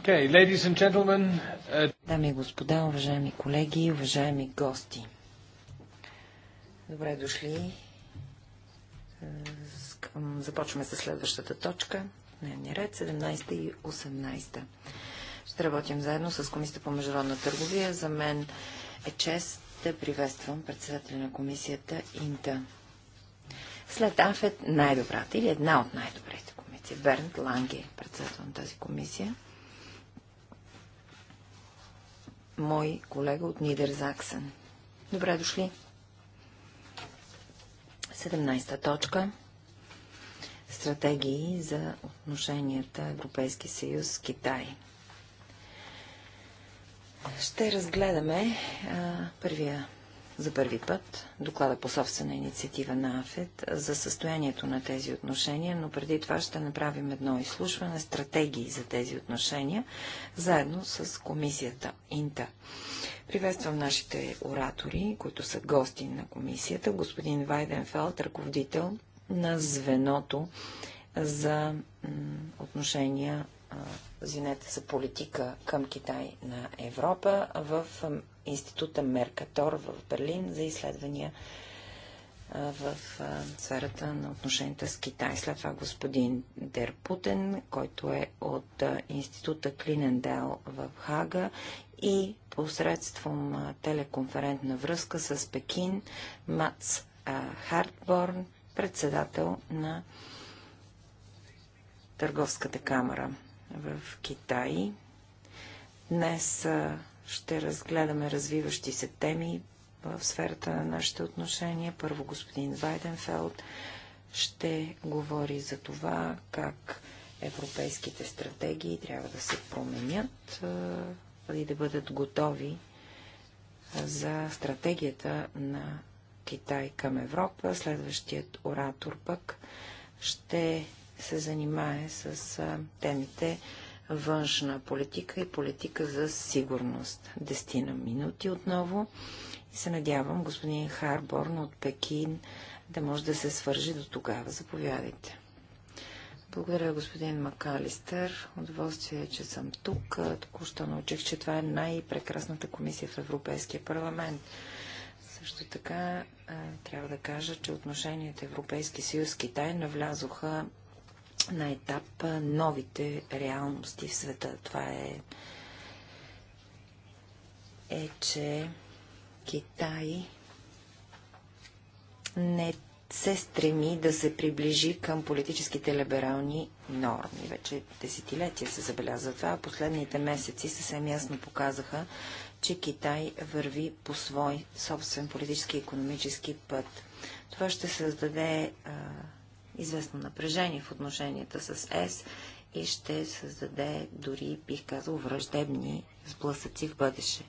Uh, Дами и господа, уважаеми колеги, уважаеми гости. Добре дошли. Започваме с следващата точка. Дневния ред 17 и 18. Ще работим заедно с Комисията по международна търговия. За мен е чест да приветствам председателя на комисията Инта. След Афет най-добрата или една от най-добрите комисии. Бернт Ланге, председател на тази комисия. мой колега от Нидерзаксен. Добре дошли! 17-та точка Стратегии за отношенията Европейски съюз с Китай. Ще разгледаме а, първия за първи път доклада по собствена инициатива на АФЕД за състоянието на тези отношения, но преди това ще направим едно изслушване, стратегии за тези отношения, заедно с комисията Инта. Приветствам нашите оратори, които са гости на комисията, господин Вайденфелд, ръководител на звеното за отношения извинете, за политика към Китай на Европа в института Меркатор в Берлин за изследвания в сферата на отношенията с Китай. След това господин Дерпутен, който е от института Клинендел в Хага и посредством телеконферентна връзка с Пекин Мац Хартборн, председател на Търговската камера в Китай. Днес ще разгледаме развиващи се теми в сферата на нашите отношения. Първо господин Вайденфелд ще говори за това как европейските стратегии трябва да се променят и да бъдат готови за стратегията на Китай към Европа. Следващият оратор пък ще се занимае с темите външна политика и политика за сигурност. Дестина минути отново и се надявам господин Харборн от Пекин да може да се свържи до тогава. Заповядайте. Благодаря, господин Макалистър. Удоволствие, че съм тук. Току-що научих, че това е най-прекрасната комисия в Европейския парламент. Също така трябва да кажа, че отношенията Европейски съюз Китай навлязоха на етап новите реалности в света. Това е, е че Китай не се стреми да се приближи към политическите либерални норми. Вече десетилетия се забелязва това. Последните месеци съвсем ясно показаха, че Китай върви по свой собствен политически и економически път. Това ще създаде а, известно напрежение в отношенията с ЕС и ще създаде дори, бих казал, враждебни сблъсъци в бъдеще.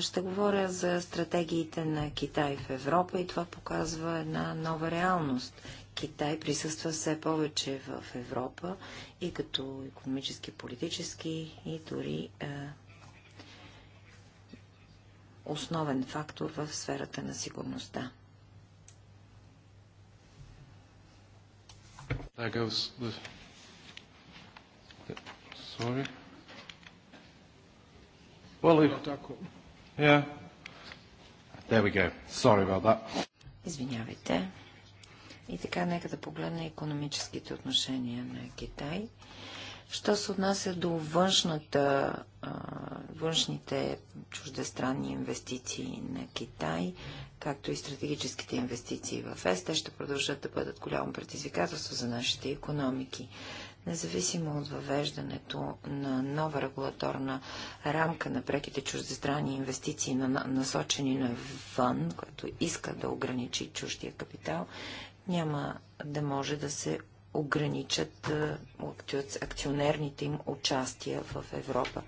Ще говоря за стратегиите на Китай в Европа и това показва една нова реалност. Китай присъства все повече в Европа и като економически, политически и дори е, основен фактор в сферата на сигурността. That goes the... the sorry. Well, if... Yeah. There we go. Sorry about that. Извинявайте. И така, нека да погледна економическите отношения на Китай. Що се отнася до външната, външните чуждестранни инвестиции на Китай, както и стратегическите инвестиции в ЕС, те ще продължат да бъдат голямо предизвикателство за нашите економики. Независимо от въвеждането на нова регулаторна рамка на преките чуждестранни инвестиции, на, насочени навън, който иска да ограничи чуждия капитал, няма да може да се ограничат акционерните им участия в Европа.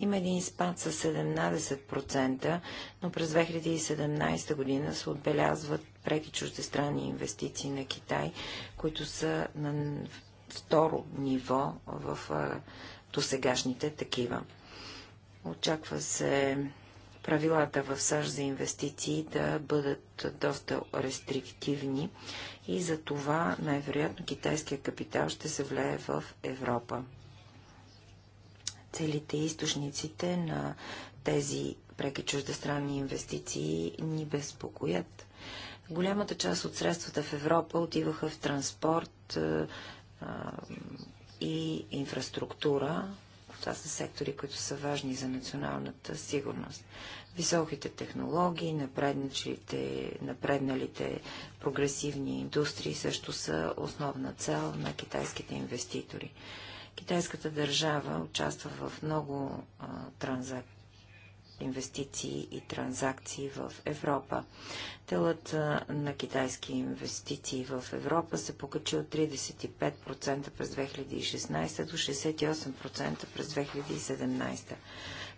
Има един спад с 17%, но през 2017 година се отбелязват преки чуждестранни инвестиции на Китай, които са на второ ниво в досегашните такива. Очаква се правилата в САЩ за инвестиции да бъдат доста рестриктивни и за това най-вероятно китайския капитал ще се влее в Европа. Целите и източниците на тези преки чуждестранни инвестиции ни безпокоят. Голямата част от средствата в Европа отиваха в транспорт и инфраструктура, това са сектори, които са важни за националната сигурност. Високите технологии, напредначите, напредналите прогресивни индустрии също са основна цел на китайските инвеститори. Китайската държава участва в много а, транзак, инвестиции и транзакции в Европа. Телът на китайски инвестиции в Европа се покачи от 35% през 2016 до 68% през 2017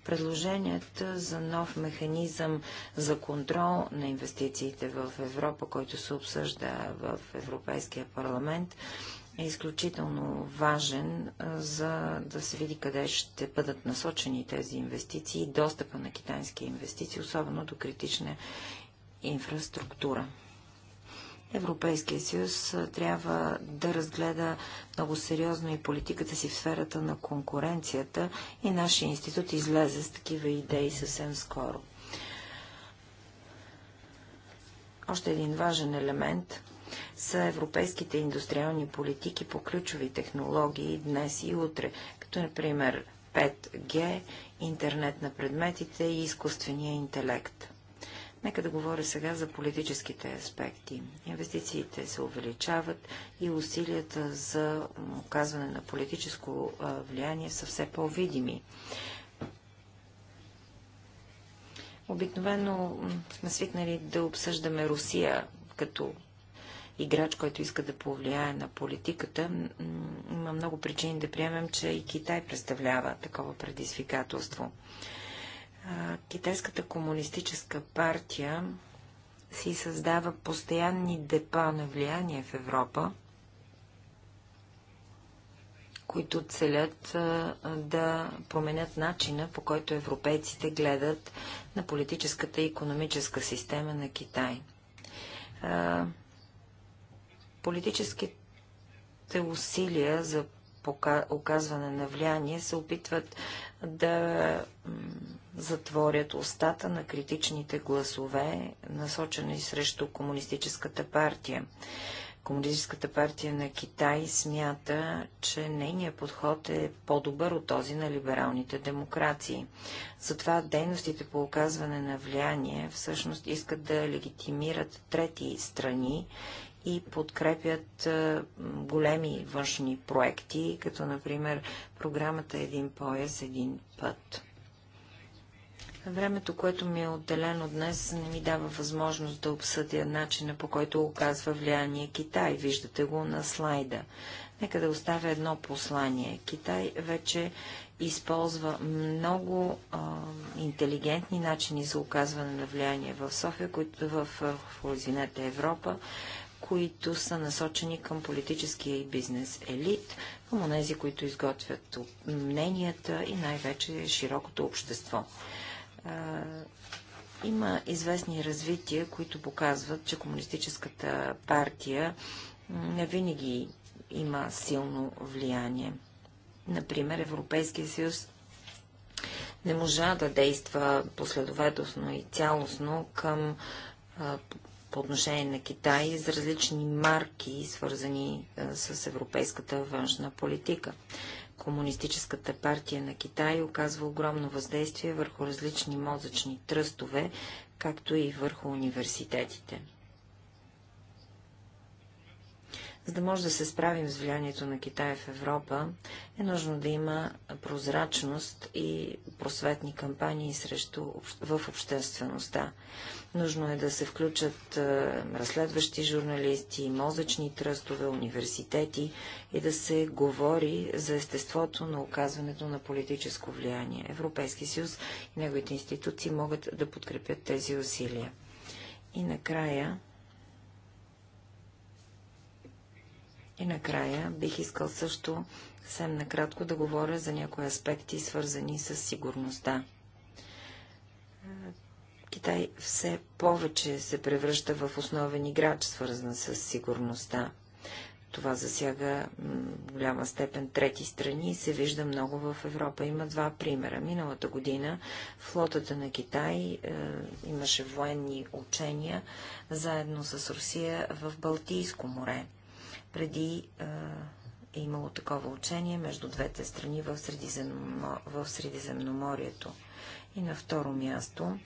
предложенията за нов механизъм за контрол на инвестициите в Европа, който се обсъжда в Европейския парламент, е изключително важен, за да се види къде ще бъдат насочени тези инвестиции и достъпа на китайски инвестиции, особено до критична инфраструктура. Европейския съюз трябва да разгледа много сериозно и политиката си в сферата на конкуренцията и нашия институт излезе с такива идеи съвсем скоро. Още един важен елемент – са европейските индустриални политики по ключови технологии днес и утре, като например 5G, интернет на предметите и изкуствения интелект. Нека да говоря сега за политическите аспекти. Инвестициите се увеличават и усилията за оказване на политическо влияние са все по-видими. Обикновено сме свикнали да обсъждаме Русия като играч, който иска да повлияе на политиката, има много причини да приемем, че и Китай представлява такова предизвикателство. Китайската комунистическа партия си създава постоянни депа на влияние в Европа, които целят да променят начина, по който европейците гледат на политическата и економическа система на Китай. Политическите усилия за оказване на влияние се опитват да затворят устата на критичните гласове, насочени срещу Комунистическата партия. Комунистическата партия на Китай смята, че нейният подход е по-добър от този на либералните демокрации. Затова дейностите по оказване на влияние всъщност искат да легитимират трети страни и подкрепят големи външни проекти, като например програмата Един пояс, един път. Времето, което ми е отделено днес, не ми дава възможност да обсъдя начина, по който оказва влияние Китай. Виждате го на слайда. Нека да оставя едно послание. Китай вече използва много а, интелигентни начини за оказване на влияние в София, които в, в, в Европа, които са насочени към политическия и бизнес елит, към онези, които изготвят мненията и най-вече широкото общество а, има известни развития, които показват, че Комунистическата партия не винаги има силно влияние. Например, Европейския съюз не можа да действа последователно и цялостно към а, по отношение на Китай за различни марки, свързани а, с европейската външна политика. Комунистическата партия на Китай оказва огромно въздействие върху различни мозъчни тръстове, както и върху университетите. За да може да се справим с влиянието на Китай в Европа, е нужно да има прозрачност и просветни кампании срещу, в обществеността. Нужно е да се включат е, разследващи журналисти, мозъчни тръстове, университети и да се говори за естеството на оказването на политическо влияние. Европейски съюз и неговите институции могат да подкрепят тези усилия. И накрая И накрая бих искал също съвсем накратко да говоря за някои аспекти, свързани с сигурността. Китай все повече се превръща в основен играч, свързан с сигурността. Това засяга в голяма степен трети страни и се вижда много в Европа. Има два примера. Миналата година флотата на Китай е, имаше военни учения заедно с Русия в Балтийско море. Преди е, е имало такова учение между двете страни в, Средиземно, в Средиземноморието. И на второ място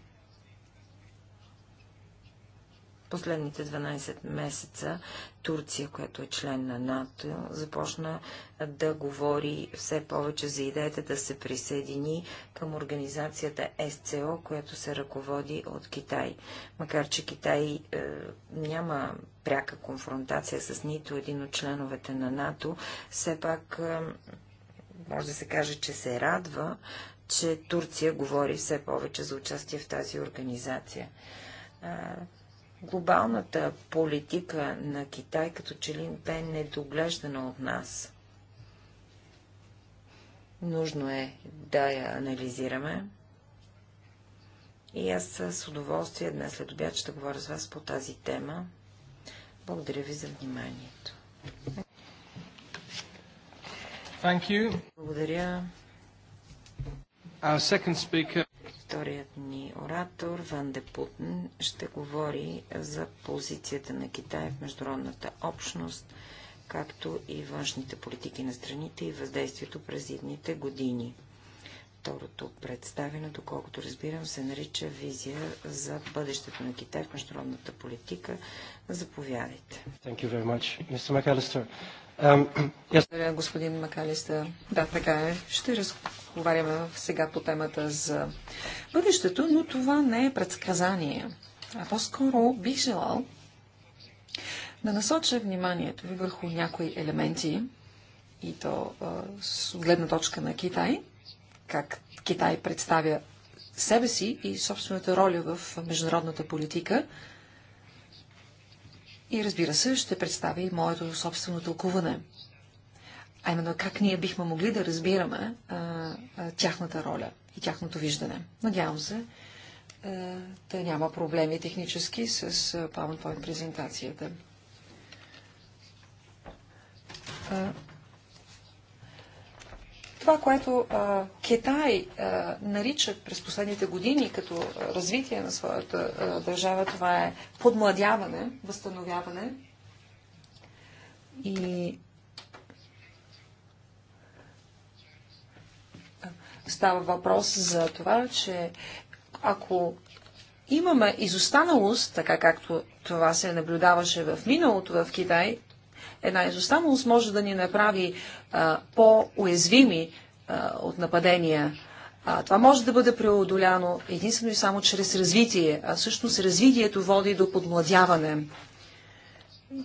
последните 12 месеца Турция, която е член на НАТО, започна да говори все повече за идеята да се присъедини към организацията СЦО, която се ръководи от Китай. Макар, че Китай е, няма пряка конфронтация с нито един от членовете на НАТО, все пак е, може да се каже, че се радва, че Турция говори все повече за участие в тази организация. Глобалната политика на Китай като че ли бе недоглеждана от нас. Нужно е да я анализираме. И аз с удоволствие днес след обяд ще говоря с вас по тази тема. Благодаря ви за вниманието. Thank you. Благодаря. Our second speaker... Вторият ни оратор, Ван де Путен, ще говори за позицията на Китай в международната общност, както и външните политики на страните и въздействието през едните години. Второто представено, доколкото разбирам, се нарича визия за бъдещето на Китай в международната политика. Заповядайте. Um, Благодаря, um, yes. господин Макалиста. Да, така е. Ще раз разговаряме сега по темата за бъдещето, но това не е предсказание. А по-скоро бих желал да насоча вниманието ви върху някои елементи, и то с гледна точка на Китай, как Китай представя себе си и собствената роля в международната политика. И разбира се, ще представя и моето собствено тълкуване а именно как ние бихме могли да разбираме а, а, тяхната роля и тяхното виждане. Надявам се а, да няма проблеми технически с PowerPoint презентацията. това, което а, Китай а, наричат през последните години като развитие на своята а, държава, това е подмладяване, възстановяване. И Става въпрос за това, че ако имаме изостаналост, така както това се наблюдаваше в миналото в Китай, една изостаналост може да ни направи по-уязвими от нападения. А, това може да бъде преодоляно единствено и само чрез развитие, а всъщност развитието води до подмладяване.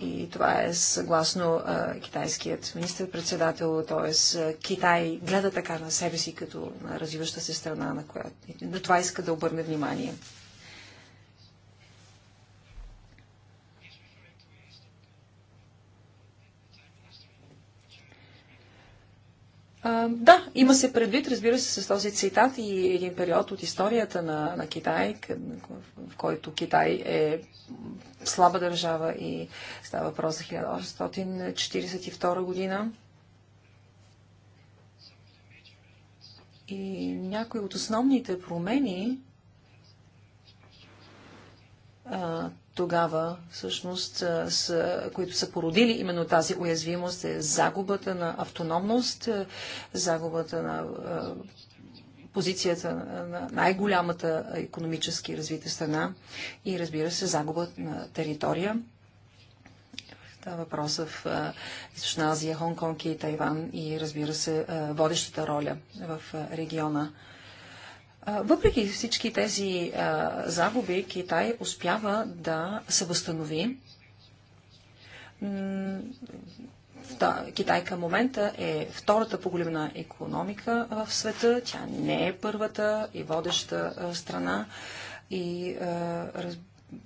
И това е съгласно а, китайският министр-председател, т.е. Китай гледа така на себе си като на развиваща се страна, на която на това иска да обърне внимание. да, има се предвид, разбира се, с този цитат и един период от историята на, на Китай, в който Китай е слаба държава и става въпрос за 1842 година. И някои от основните промени, тогава, всъщност, които са породили именно тази уязвимост, е загубата на автономност, е, загубата на позицията на най-голямата економически развита страна и, разбира се, загуба на територия. това въпрос в Източна Азия, Хонконг и Тайван и, разбира се, водещата роля в региона. Въпреки всички тези загуби, Китай успява да се възстанови. Да, Китай към момента е втората по големина економика в света. Тя не е първата и водеща страна. И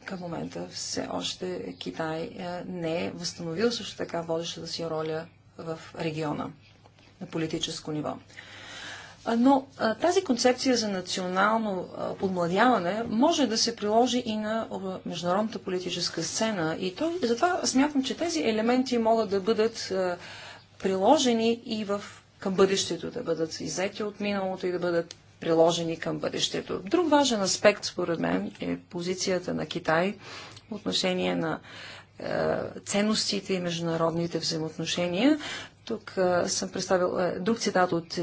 към момента все още Китай не е възстановил също така водещата си роля в региона на политическо ниво. Но тази концепция за национално подмладяване може да се приложи и на международната политическа сцена. И то, затова смятам, че тези елементи могат да бъдат приложени и в, към бъдещето, да бъдат иззети от миналото и да бъдат приложени към бъдещето. Друг важен аспект, според мен, е позицията на Китай в отношение на е, ценностите и международните взаимоотношения. Тук е, съм представил е, друг цитат от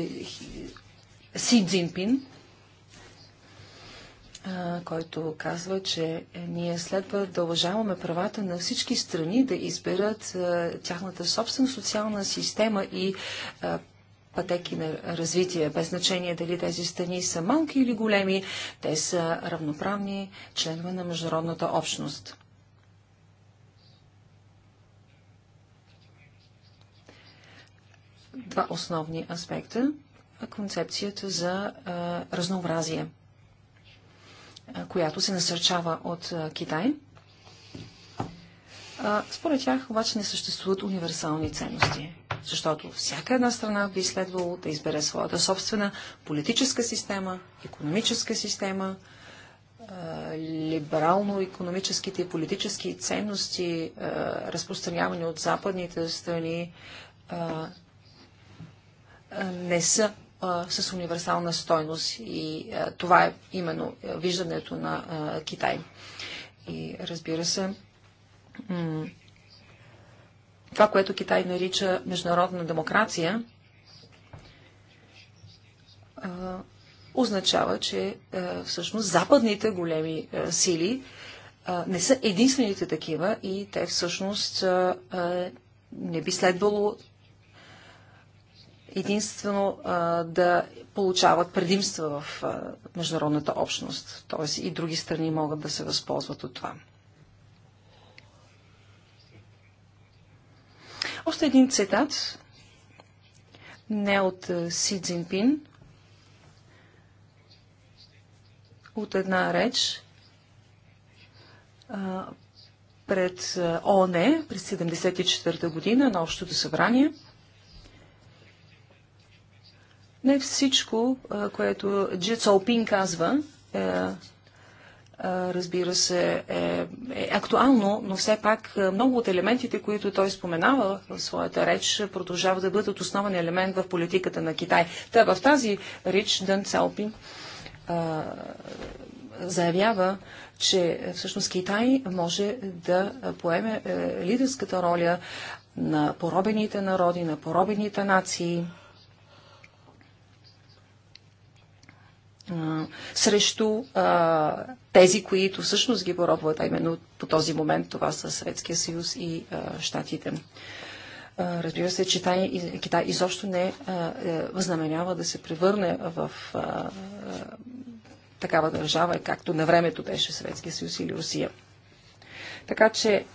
си Цзинпин, който казва, че ние следва да уважаваме правата на всички страни да изберат тяхната собствена социална система и пътеки на развитие, без значение дали тези страни са малки или големи, те са равноправни членове на международната общност. Два основни аспекта концепцията за а, разнообразие, а, която се насърчава от а, Китай. Според тях обаче не съществуват универсални ценности, защото всяка една страна би следвало да избере своята собствена политическа система, економическа система, либерално-економическите и политически ценности, разпространявани от западните страни, не са а, с универсална стойност. И а, това е именно виждането на а, Китай. И разбира се, това, което Китай нарича международна демокрация, а, означава, че а, всъщност западните големи а, сили не са единствените такива и те всъщност не би следвало единствено а, да получават предимства в а, международната общност. Т.е. и други страни могат да се възползват от това. Още един цитат, не от Си Цзинпин, от една реч а, пред ОНЕ през 1974 година на Общото събрание – не всичко, което Джи Цолпин казва, е, разбира се, е, е актуално, но все пак много от елементите, които той споменава в своята реч, продължават да бъдат основен елемент в политиката на Китай. Та в тази реч Дън Цалпин заявява, че е, всъщност Китай може да поеме е, лидерската роля на поробените народи, на поробените нации, срещу а, тези, които всъщност ги поробват, а именно по този момент това са Съветския съюз и а, Штатите. А, разбира се, че Тай, Китай изобщо не а, е, възнамерява да се превърне в а, а, такава държава, както на времето беше Съветския съюз или Русия. Така че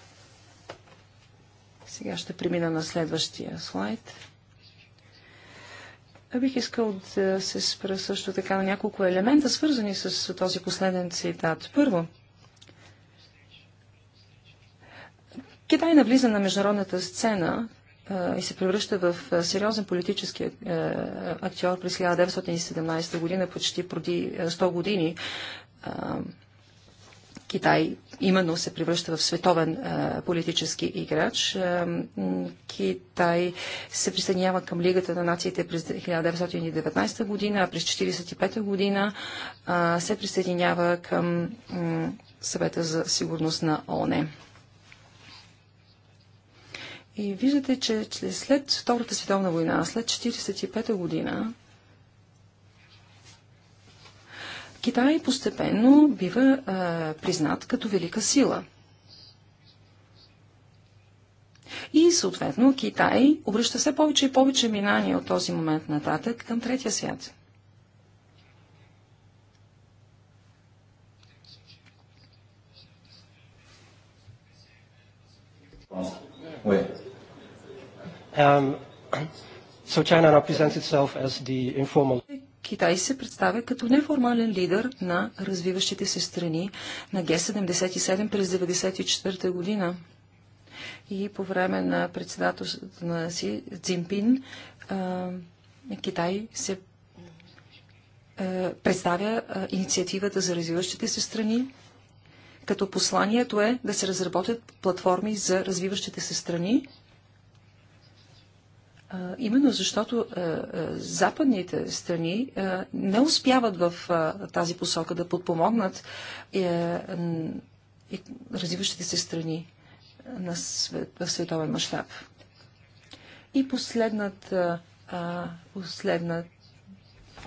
сега ще премина на следващия слайд. Бих искал да се спра също така на няколко елемента, свързани с този последен цитат. Първо, Китай навлиза на международната сцена и се превръща в сериозен политически актьор през 1917 година, почти преди 100 години. Китай именно се превръща в световен а, политически играч. А, Китай се присъединява към Лигата на нациите през 1919 година, а през 1945 година а, се присъединява към съвета за сигурност на ООН. И виждате, че след Втората световна война, след 1945 година, Китай постепенно бива а, признат като велика сила. И съответно Китай обръща все повече и повече минание от този момент нататък към третия свят. Um, so China now presents itself as the informal Китай се представя като неформален лидер на развиващите се страни на Г-77 през 1994 година. И по време на председателството на си Цзинпин Китай се представя инициативата за развиващите се страни, като посланието е да се разработят платформи за развиващите се страни именно защото западните страни не успяват в тази посока да подпомогнат е, развиващите се страни на в световен мащаб. И последната, последната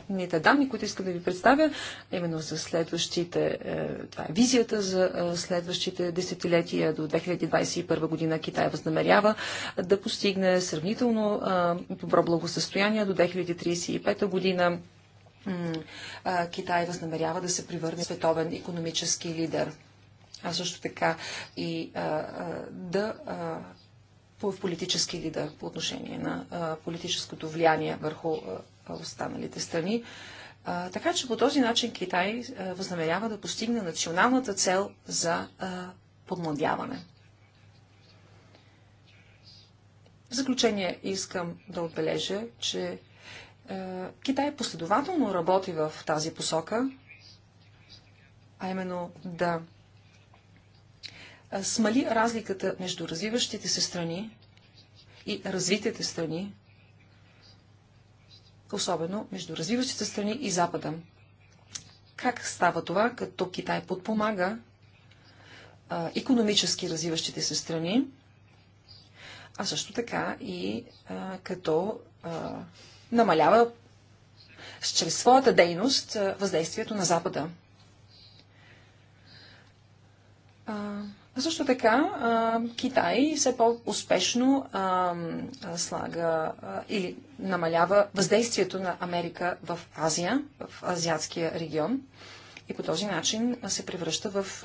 Ните данни, които искам да ви представя, именно за следващите, е, това е визията за е, следващите десетилетия до 2021 година Китай възнамерява да постигне сравнително е, добро благосъстояние до 2035 година. Китай възнамерява да се превърне световен економически лидер. А също така и да в политически лидер по отношение на политическото влияние върху останалите страни. така че по този начин Китай възнамерява да постигне националната цел за подмладяване. В заключение искам да отбележа, че Китай последователно работи в тази посока, а именно да смали разликата между развиващите се страни и развитите страни особено между развиващите страни и Запада. Как става това, като Китай подпомага а, економически развиващите се страни, а също така и а, като а, намалява чрез своята дейност въздействието на Запада? Също така Китай все по-успешно слага или намалява въздействието на Америка в Азия, в азиатския регион и по този начин се превръща в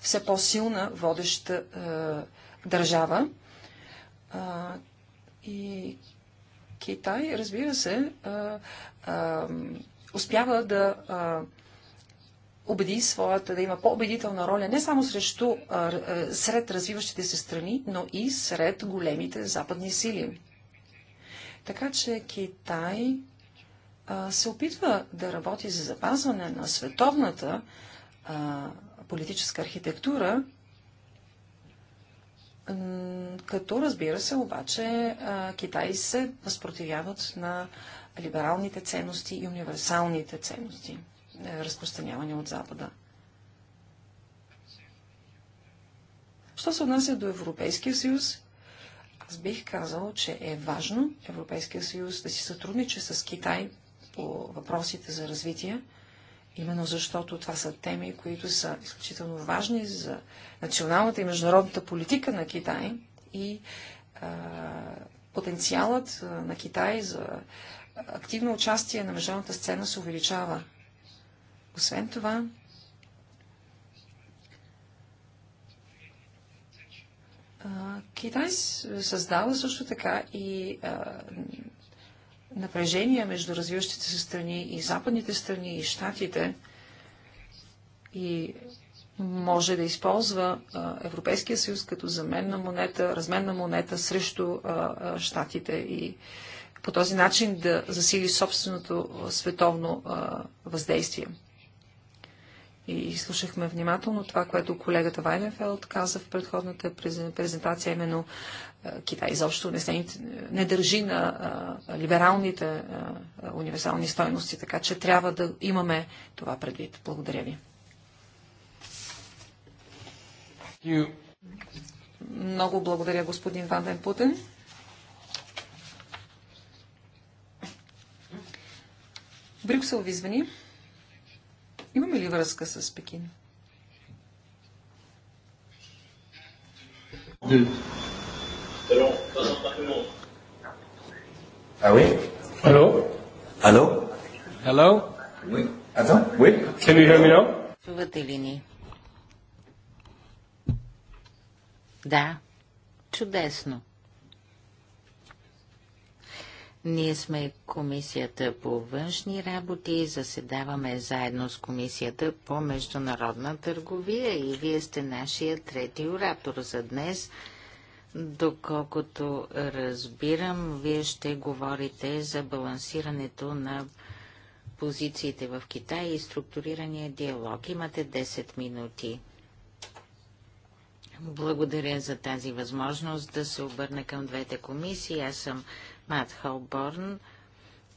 все по-силна водеща държава. И Китай, разбира се, успява да убеди своята, да има по-убедителна роля не само срещу, а, сред развиващите се страни, но и сред големите западни сили. Така че Китай а, се опитва да работи за запазване на световната а, политическа архитектура, като разбира се обаче Китай се възпротивяват на либералните ценности и универсалните ценности. Е, разпространявани от Запада. Що се отнася до Европейския съюз, аз бих казал, че е важно Европейския съюз да си сътрудничи с Китай по въпросите за развитие, именно защото това са теми, които са изключително важни за националната и международната политика на Китай и а, потенциалът на Китай за активно участие на международната сцена се увеличава. Освен това, Китай създава също така и напрежения напрежение между развиващите се страни и западните страни и щатите и може да използва Европейския съюз като заменна монета, разменна монета срещу щатите и по този начин да засили собственото световно въздействие и слушахме внимателно това, което колегата Вайнефелд каза в предходната презентация, именно Китай изобщо не, не държи на а, либералните а, универсални стойности, така че трябва да имаме това предвид. Благодаря ви. You. Много благодаря, господин Ванден Путен. Брюксел ви звъни. Имаме ли връзка с Пекин? Ah oui Allô Allô Allô Oui. Attends, oui Can you hear me now? Чувате ли ни? Да. Чудесно. Ние сме Комисията по външни работи и заседаваме заедно с Комисията по международна търговия и вие сте нашия трети оратор за днес. Доколкото разбирам, вие ще говорите за балансирането на позициите в Китай и структурирания диалог. Имате 10 минути. Благодаря за тази възможност да се обърна към двете комисии. Аз съм Мат Холборн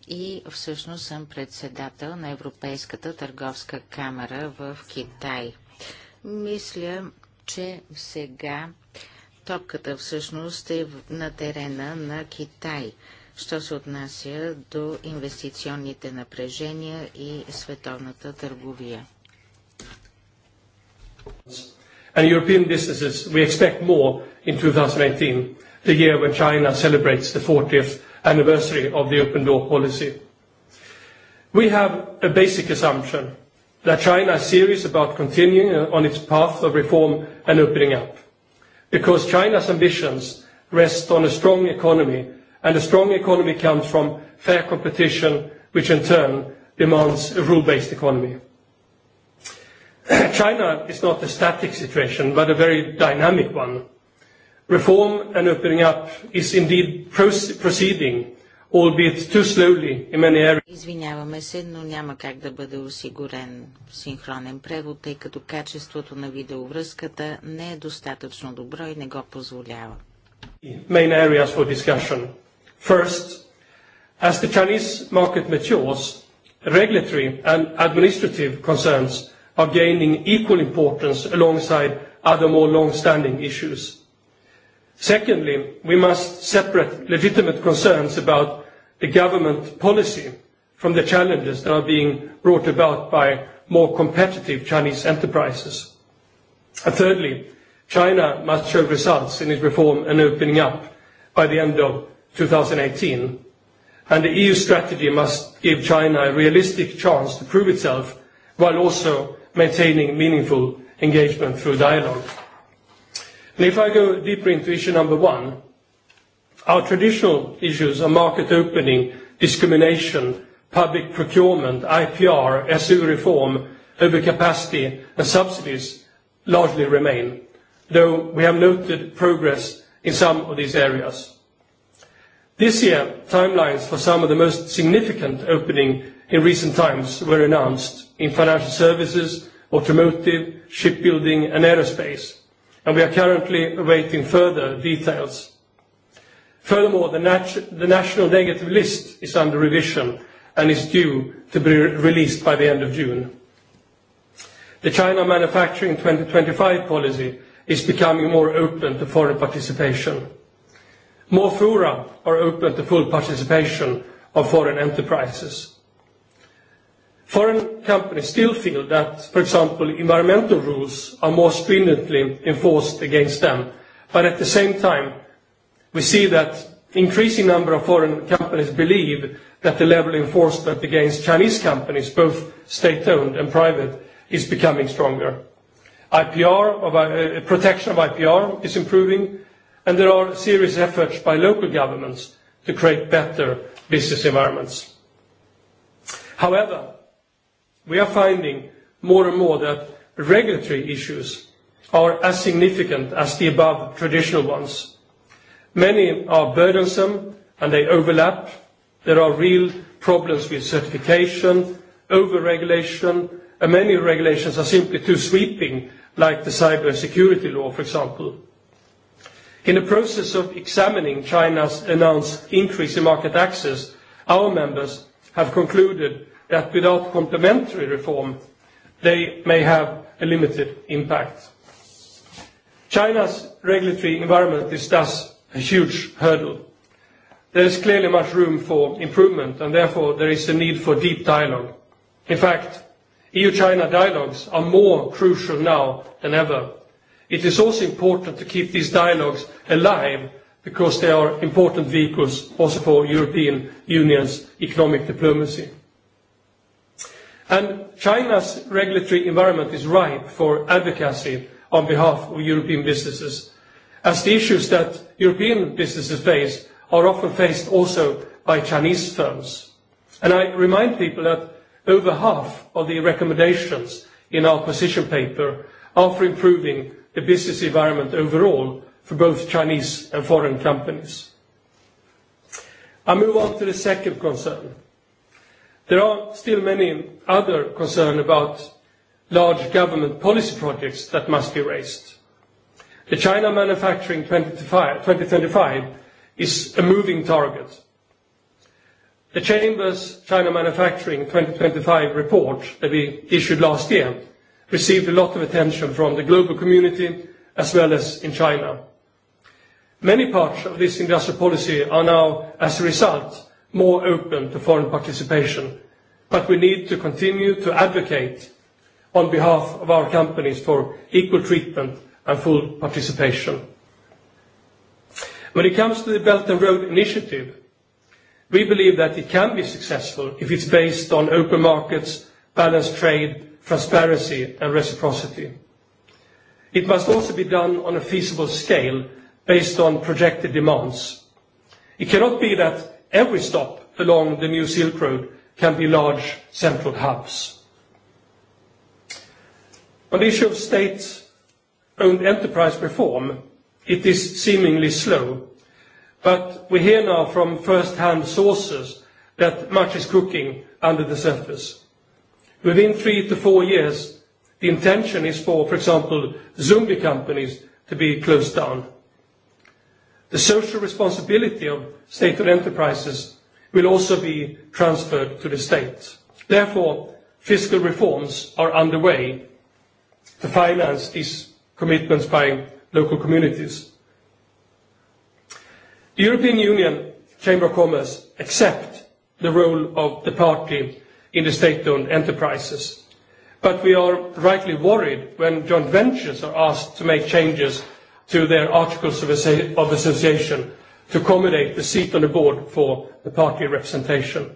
и всъщност съм председател на Европейската търговска камера в Китай. Мисля, че сега топката всъщност е на терена на Китай, що се отнася до инвестиционните напрежения и световната търговия. And European businesses, we expect more in 2018 the year when China celebrates the 40th anniversary of the open door policy. We have a basic assumption that China is serious about continuing on its path of reform and opening up, because China's ambitions rest on a strong economy, and a strong economy comes from fair competition, which in turn demands a rule-based economy. China is not a static situation, but a very dynamic one Reform and opening up is indeed proceeding, albeit too slowly in many areas. Извиняваме се, но няма как да бъде осигурен синхронен превод, тъй като качеството на видеовръзката не е достатъчно добро и не го позволява. Main areas for discussion. First, as the Chinese market matures, regulatory and administrative concerns are gaining equal importance alongside other more long-standing issues. Secondly, we must separate legitimate concerns about the government policy from the challenges that are being brought about by more competitive Chinese enterprises. And thirdly, China must show results in its reform and opening up by the end of 2018, and the EU strategy must give China a realistic chance to prove itself while also maintaining meaningful engagement through dialogue. And if I go deeper into issue number one, our traditional issues are market opening, discrimination, public procurement, IPR, SU reform, overcapacity, and subsidies largely remain, though we have noted progress in some of these areas. This year, timelines for some of the most significant opening in recent times were announced in financial services, automotive, shipbuilding, and aerospace and we are currently awaiting further details. Furthermore, the national negative list is under revision and is due to be released by the end of June. The China Manufacturing 2025 policy is becoming more open to foreign participation. More fora are open to full participation of foreign enterprises. Foreign companies still feel that, for example, environmental rules are more stringently enforced against them. But at the same time, we see that increasing number of foreign companies believe that the level of enforcement against Chinese companies, both state-owned and private, is becoming stronger. IPR, protection of IPR is improving, and there are serious efforts by local governments to create better business environments. However, we are finding more and more that regulatory issues are as significant as the above traditional ones. Many are burdensome, and they overlap. There are real problems with certification, over-regulation, and many regulations are simply too sweeping, like the cybersecurity law, for example. In the process of examining China's announced increase in market access, our members have concluded that without complementary reform, they may have a limited impact. China's regulatory environment is thus a huge hurdle. There is clearly much room for improvement, and therefore there is a need for deep dialogue. In fact, EU-China dialogues are more crucial now than ever. It is also important to keep these dialogues alive because they are important vehicles also for European Union's economic diplomacy. And China's regulatory environment is ripe for advocacy on behalf of European businesses, as the issues that European businesses face are often faced also by Chinese firms. And I remind people that over half of the recommendations in our position paper are for improving the business environment overall for both Chinese and foreign companies. I move on to the second concern. There are still many other concern about large government policy projects that must be raised. The China Manufacturing 2025 is a moving target. The Chamber's China Manufacturing 2025 report that we issued last year received a lot of attention from the global community as well as in China. Many parts of this industrial policy are now, as a result, more open to foreign participation but we need to continue to advocate on behalf of our companies for equal treatment and full participation. When it comes to the Belt and Road Initiative, we believe that it can be successful if it's based on open markets, balanced trade, transparency, and reciprocity. It must also be done on a feasible scale based on projected demands. It cannot be that every stop along the new Silk Road can be large central hubs. On the issue of state-owned enterprise reform, it is seemingly slow, but we hear now from first-hand sources that much is cooking under the surface. Within three to four years, the intention is for, for example, zombie companies to be closed down. The social responsibility of state-owned enterprises will also be transferred to the state. Therefore, fiscal reforms are underway to finance these commitments by local communities. The European Union Chamber of Commerce accept the role of the party in the state-owned enterprises, but we are rightly worried when joint ventures are asked to make changes to their articles of association to accommodate the seat on the board for the party representation.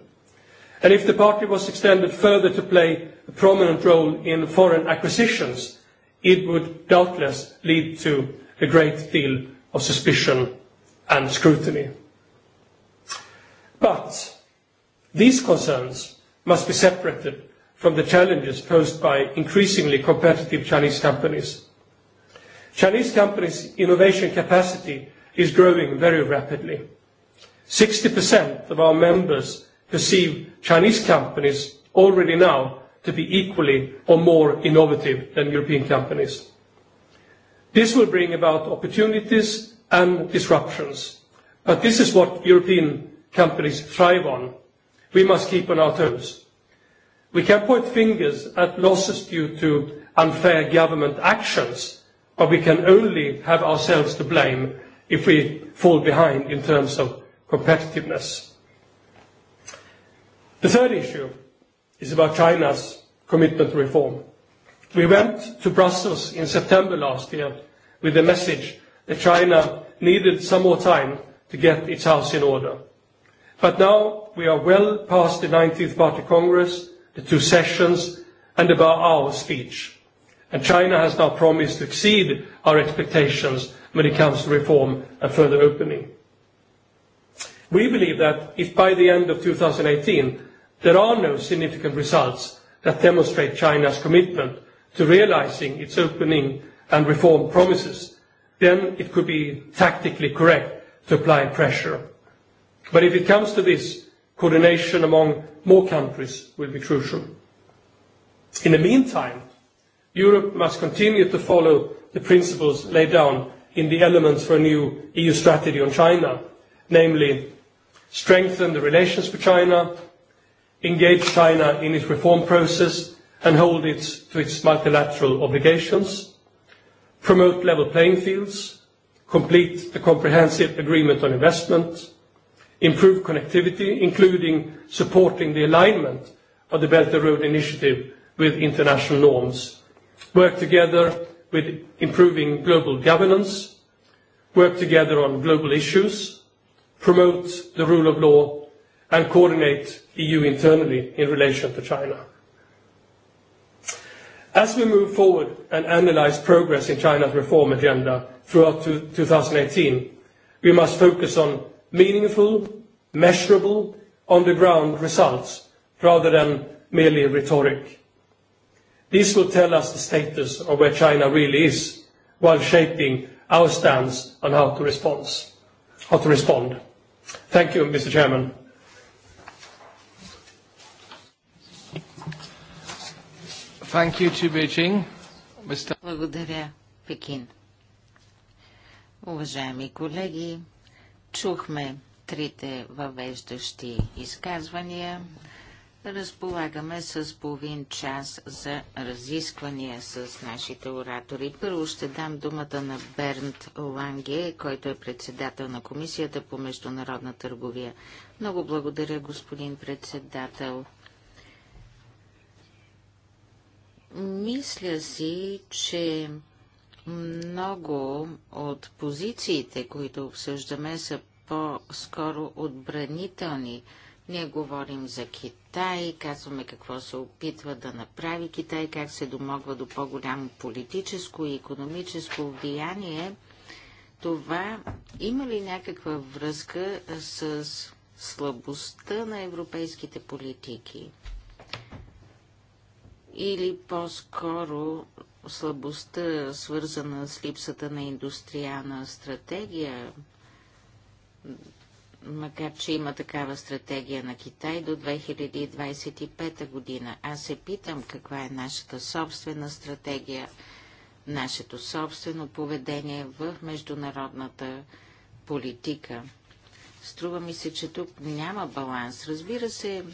And if the party was extended further to play a prominent role in foreign acquisitions, it would doubtless lead to a great deal of suspicion and scrutiny. But these concerns must be separated from the challenges posed by increasingly competitive Chinese companies. Chinese companies' innovation capacity is growing very rapidly. 60% of our members perceive Chinese companies already now to be equally or more innovative than European companies. This will bring about opportunities and disruptions, but this is what European companies thrive on. We must keep on our toes. We can point fingers at losses due to unfair government actions, but we can only have ourselves to blame if we fall behind in terms of competitiveness. The third issue is about China's commitment to reform. We went to Brussels in September last year with the message that China needed some more time to get its house in order. But now we are well past the 19th Party Congress, the two sessions, and about our speech. And China has now promised to exceed our expectations when it comes to reform and further opening. We believe that if by the end of 2018 there are no significant results that demonstrate China's commitment to realizing its opening and reform promises, then it could be tactically correct to apply pressure. But if it comes to this, coordination among more countries will be crucial. In the meantime, Europe must continue to follow the principles laid down in the elements for a new EU strategy on China, namely strengthen the relations with China, engage China in its reform process and hold it to its multilateral obligations, promote level playing fields, complete the comprehensive agreement on investment, improve connectivity, including supporting the alignment of the Belt and Road Initiative with international norms, work together with improving global governance, work together on global issues, promote the rule of law, and coordinate EU internally in relation to China. As we move forward and analyze progress in China's reform agenda throughout 2018, we must focus on meaningful, measurable, on-the-ground results rather than merely rhetoric. This will tell us the status of where China really is while shaping our stance on how to response, how to respond. Thank you, Mr. Chairman. Thank you to Beijing. Mr. Благодаря, Пекин. Уважаеми колеги, чухме трите въвеждащи изказвания. Разполагаме с половин час за разисквания с нашите оратори. Първо ще дам думата на Бернт Ланге, който е председател на Комисията по международна търговия. Много благодаря, господин председател. Мисля си, че много от позициите, които обсъждаме, са по-скоро отбранителни. Ние говорим за Китай, казваме какво се опитва да направи Китай, как се домогва до по-голямо политическо и економическо влияние. Това има ли някаква връзка с слабостта на европейските политики? Или по-скоро слабостта, свързана с липсата на индустриална стратегия, макар че има такава стратегия на Китай до 2025 година. Аз се питам каква е нашата собствена стратегия, нашето собствено поведение в международната политика. Струва ми се, че тук няма баланс. Разбира се,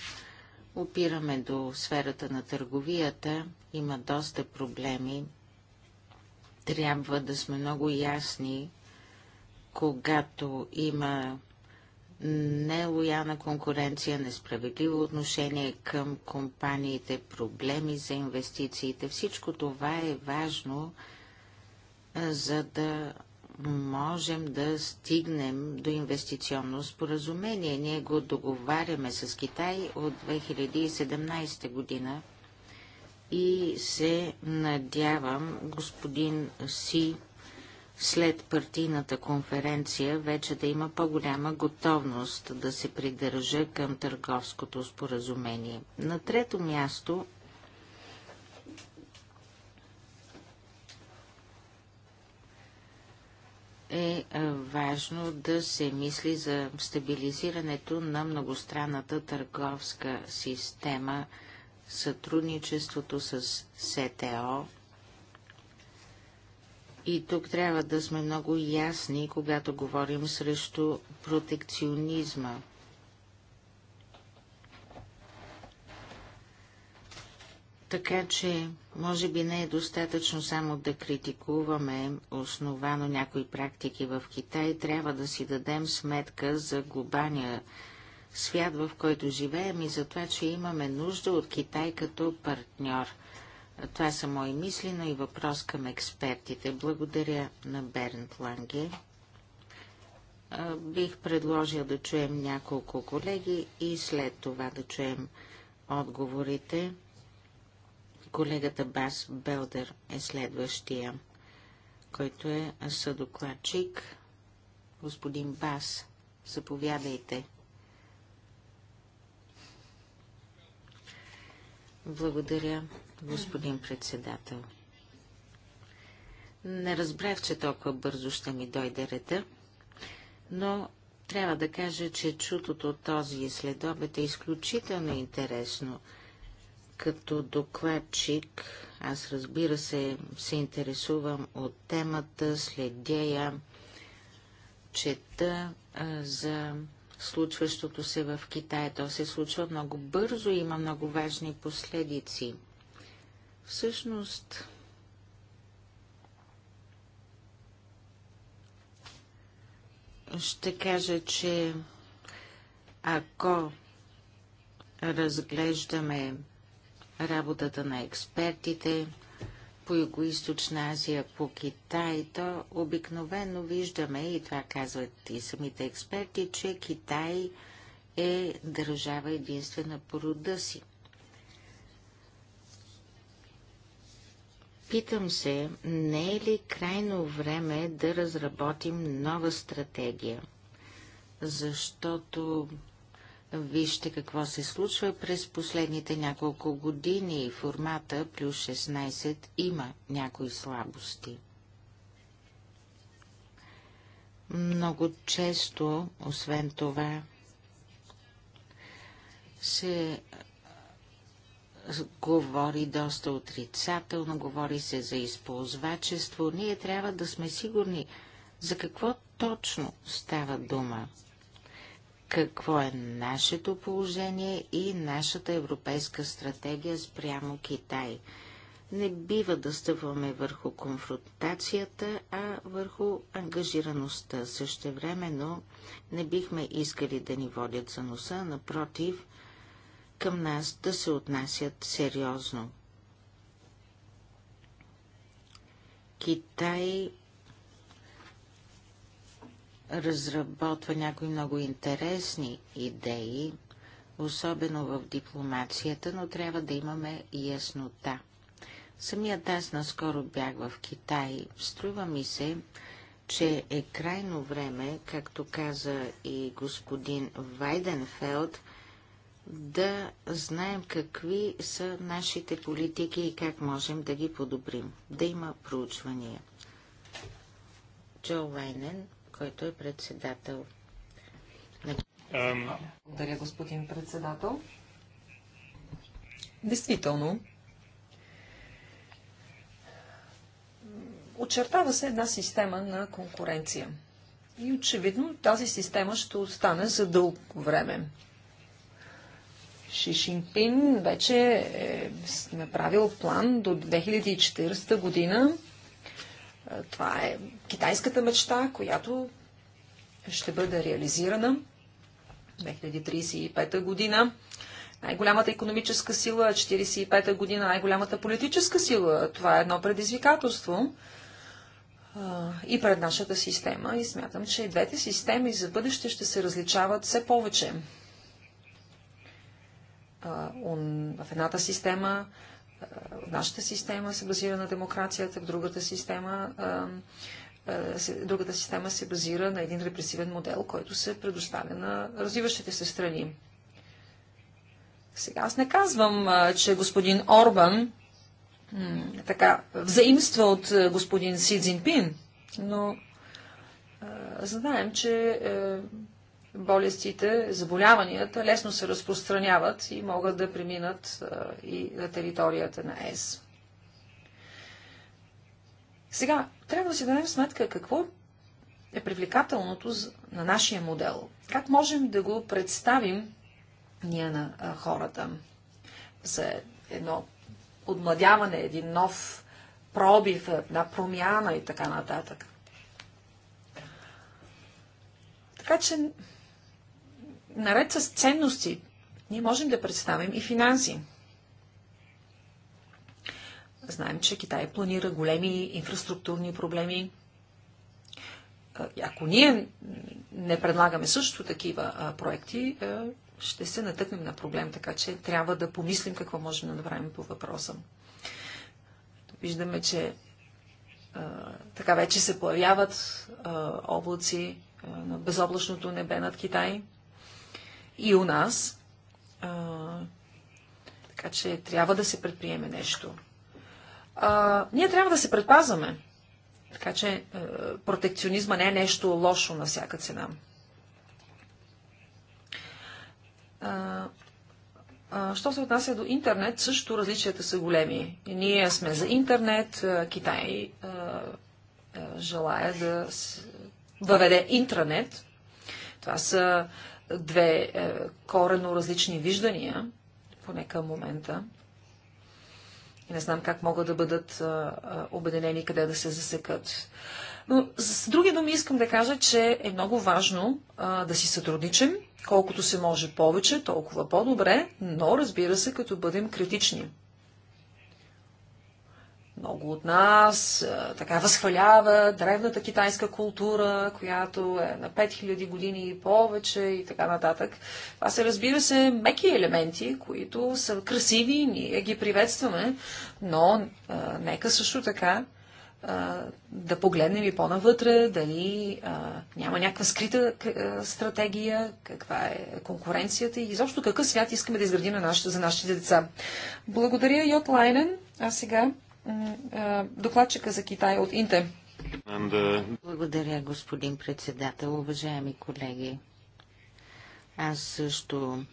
опираме до сферата на търговията, има доста проблеми. Трябва да сме много ясни, когато има нелояна конкуренция, несправедливо отношение към компаниите, проблеми за инвестициите. Всичко това е важно, за да можем да стигнем до инвестиционно споразумение. Ние го договаряме с Китай от 2017 година и се надявам господин Си след партийната конференция вече да има по-голяма готовност да се придържа към търговското споразумение. На трето място е важно да се мисли за стабилизирането на многостранната търговска система, сътрудничеството с СТО, и тук трябва да сме много ясни, когато говорим срещу протекционизма. Така че, може би не е достатъчно само да критикуваме основано някои практики в Китай, трябва да си дадем сметка за глобалния свят, в който живеем и за това, че имаме нужда от Китай като партньор – това са мои мисли, но и въпрос към експертите. Благодаря на Берн Ланге. Бих предложил да чуем няколко колеги и след това да чуем отговорите. Колегата Бас Белдер е следващия, който е съдокладчик. Господин Бас, заповядайте. Благодаря господин председател. Не разбрах, че толкова бързо ще ми дойде реда, но трябва да кажа, че чутото от този следобед е изключително интересно. Като докладчик, аз разбира се, се интересувам от темата, следея, чета а, за случващото се в Китай. То се случва много бързо и има много важни последици. Всъщност, ще кажа, че ако разглеждаме работата на експертите по Юго-Источна Азия, по Китай, то обикновено виждаме, и това казват и самите експерти, че Китай е държава единствена по рода си. Питам се, не е ли крайно време да разработим нова стратегия? Защото вижте какво се случва през последните няколко години. и Формата плюс 16 има някои слабости. Много често, освен това, се говори доста отрицателно, говори се за използвачество. Ние трябва да сме сигурни за какво точно става дума. Какво е нашето положение и нашата европейска стратегия спрямо Китай? Не бива да стъпваме върху конфронтацията, а върху ангажираността. Същевременно не бихме искали да ни водят за носа, напротив – към нас да се отнасят сериозно. Китай разработва някои много интересни идеи, особено в дипломацията, но трябва да имаме яснота. Самият аз наскоро бях в Китай. Струва ми се, че е крайно време, както каза и господин Вайденфелд, да знаем какви са нашите политики и как можем да ги подобрим. Да има проучвания. Джо Лайнен, който е председател. Благодаря, господин председател. Действително, очертава се една система на конкуренция. И очевидно тази система ще остане за дълго време. Шишинпин вече е направил план до 2040 година. Е, това е китайската мечта, която ще бъде реализирана 2035 година. Най-голямата економическа сила, 45-та е година, най-голямата политическа сила. Това е едно предизвикателство е, и пред нашата система. И смятам, че двете системи за бъдеще ще се различават все повече в едната система, в нашата система се базира на демокрацията, в другата система, другата система се базира на един репресивен модел, който се предоставя на развиващите се страни. Сега аз не казвам, че господин Орбан така взаимства от господин Си Цзинпин, но знаем, че е, болестите, заболяванията лесно се разпространяват и могат да преминат и на територията на ЕС. Сега, трябва да си дадем сметка какво е привлекателното на нашия модел. Как можем да го представим ние на хората за едно отмладяване, един нов пробив, една промяна и така нататък. Така че наред с ценности, ние можем да представим и финанси. Знаем, че Китай планира големи инфраструктурни проблеми. Ако ние не предлагаме също такива проекти, ще се натъкнем на проблем, така че трябва да помислим какво можем да направим по въпроса. Виждаме, че така вече се появяват облаци на безоблачното небе над Китай и у нас. А, така че трябва да се предприеме нещо. А, ние трябва да се предпазваме. Така че а, е, протекционизма не е нещо лошо на всяка цена. А, що се отнася до интернет, също различията са големи. И ние сме за интернет, Китай желая да въведе интернет. Това са две е, корено различни виждания, поне към момента. И не знам как могат да бъдат е, е обединени, къде да се засекат. Но с други думи искам да кажа, че е много важно а, е, да си сътрудничим, колкото се може повече, толкова по-добре, но разбира се, като бъдем критични. Много от нас така възхвалява древната китайска култура, която е на 5000 години и повече и така нататък. Това са, разбира се, меки елементи, които са красиви, ние ги приветстваме, но а, нека също така а, да погледнем и по-навътре, дали а, няма някаква скрита стратегия, каква е конкуренцията и изобщо какъв свят искаме да изградим на нашите, за нашите деца. Благодаря, Йотлайнен. А сега докладчика за Китай от Инте. Благодаря, господин председател, уважаеми колеги. Аз също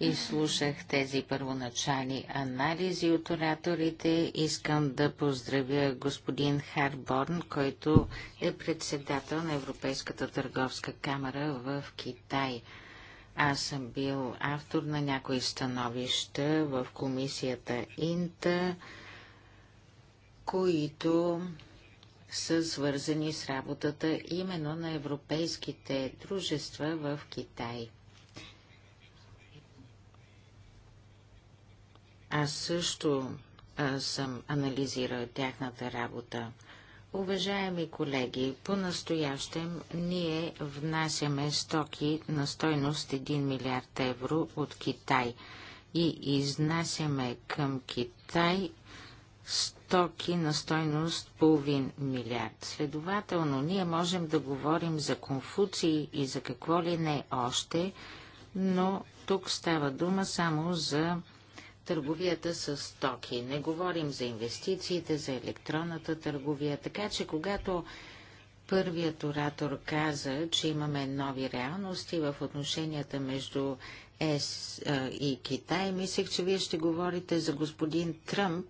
изслушах тези първоначални анализи от ораторите. Искам да поздравя господин Харборн, който е председател на Европейската търговска камера в Китай. Аз съм бил автор на някои становища в комисията Инта които са свързани с работата именно на европейските дружества в Китай. Аз също а, съм анализирал тяхната работа. Уважаеми колеги, по-настоящем ние внасяме стоки на стойност 1 милиард евро от Китай и изнасяме към Китай стоки на стойност половин милиард. Следователно, ние можем да говорим за конфуции и за какво ли не още, но тук става дума само за търговията с стоки. Не говорим за инвестициите, за електронната търговия, така че когато първият оратор каза, че имаме нови реалности в отношенията между ЕС и Китай, мислех, че вие ще говорите за господин Тръмп,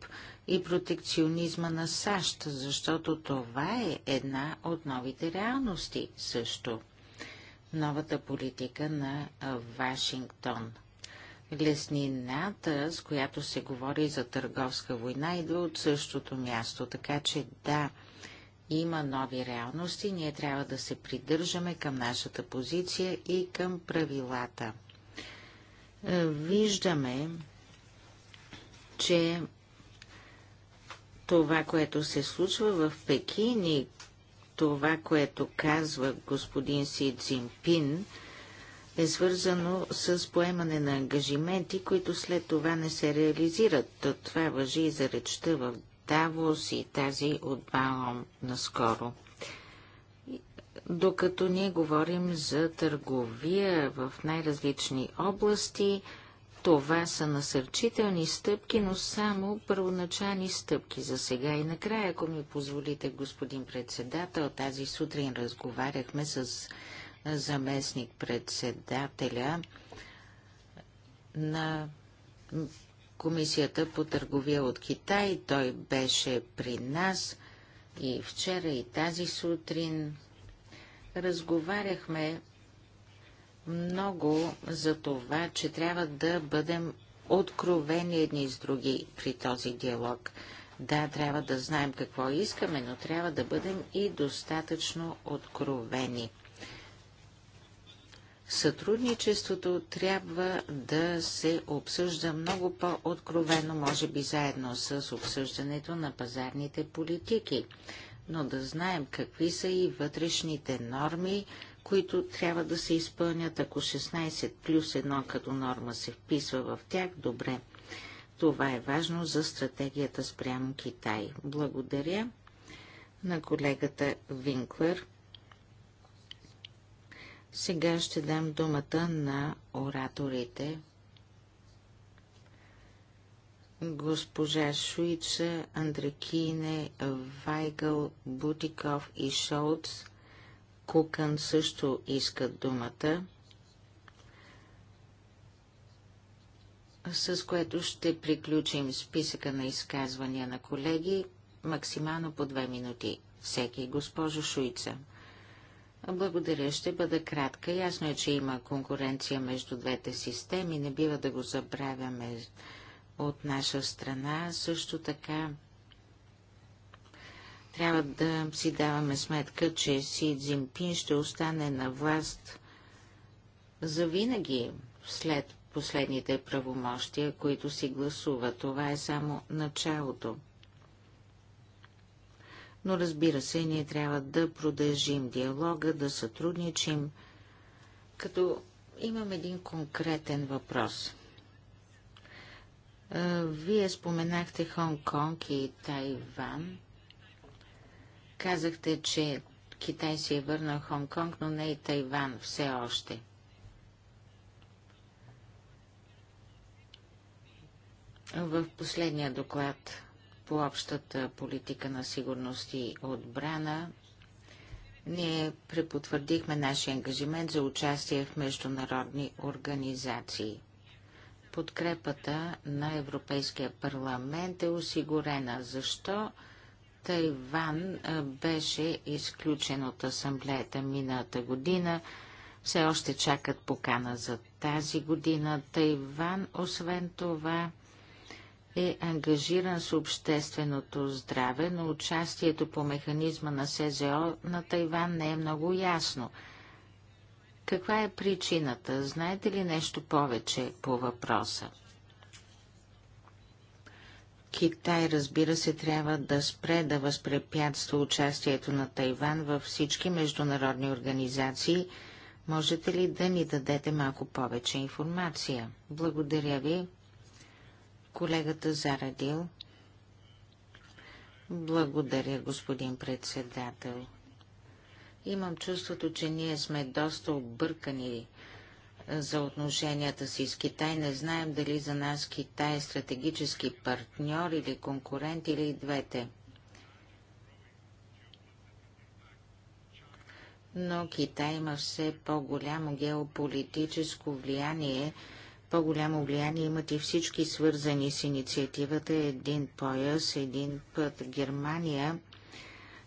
и протекционизма на САЩ, защото това е една от новите реалности също. Новата политика на Вашингтон. Леснината, с която се говори за търговска война, идва от същото място, така че да, има нови реалности, ние трябва да се придържаме към нашата позиция и към правилата. Е, виждаме, че това, което се случва в Пекин и това, което казва господин Си Цзинпин, е свързано с поемане на ангажименти, които след това не се реализират. Това въжи и за речта в Давос и тази от Балом наскоро. Докато ние говорим за търговия в най-различни области, това са насърчителни стъпки, но само първоначални стъпки за сега. И накрая, ако ми позволите, господин председател, тази сутрин разговаряхме с заместник председателя на Комисията по търговия от Китай. Той беше при нас и вчера и тази сутрин разговаряхме много за това, че трябва да бъдем откровени едни с други при този диалог. Да, трябва да знаем какво искаме, но трябва да бъдем и достатъчно откровени. Сътрудничеството трябва да се обсъжда много по-откровено, може би заедно с обсъждането на пазарните политики, но да знаем какви са и вътрешните норми, които трябва да се изпълнят, ако 16 плюс 1 като норма се вписва в тях, добре. Това е важно за стратегията спрямо Китай. Благодаря на колегата Винклер. Сега ще дам думата на ораторите. Госпожа Шуица, Андрекине, Вайгъл, Бутиков и Шолц – Кукан също искат думата, с което ще приключим списъка на изказвания на колеги максимално по две минути. Всеки госпожо Шуйца. Благодаря, ще бъда кратка. Ясно е, че има конкуренция между двете системи, не бива да го забравяме от наша страна. Също така трябва да си даваме сметка, че Си Цзинпин ще остане на власт завинаги след последните правомощия, които си гласува. Това е само началото. Но разбира се, ние трябва да продължим диалога, да сътрудничим, като имам един конкретен въпрос. Е, вие споменахте Хонг-Конг и Тайван. Казахте, че Китай си е върнал Хонг-Конг, но не и Тайван все още. В последния доклад по общата политика на сигурност и отбрана ние препотвърдихме нашия ангажимент за участие в международни организации. Подкрепата на Европейския парламент е осигурена. Защо? Защо? Тайван беше изключен от асамблеята миналата година. Все още чакат покана за тази година. Тайван, освен това, е ангажиран с общественото здраве, но участието по механизма на СЗО на Тайван не е много ясно. Каква е причината? Знаете ли нещо повече по въпроса? Китай, разбира се, трябва да спре да възпрепятства участието на Тайван във всички международни организации. Можете ли да ни дадете малко повече информация? Благодаря ви, колегата Зарадил. Благодаря, господин председател. Имам чувството, че ние сме доста объркани за отношенията си с Китай. Не знаем дали за нас Китай е стратегически партньор или конкурент или и двете. Но Китай има все по-голямо геополитическо влияние. По-голямо влияние имат и всички свързани с инициативата Един пояс, един път Германия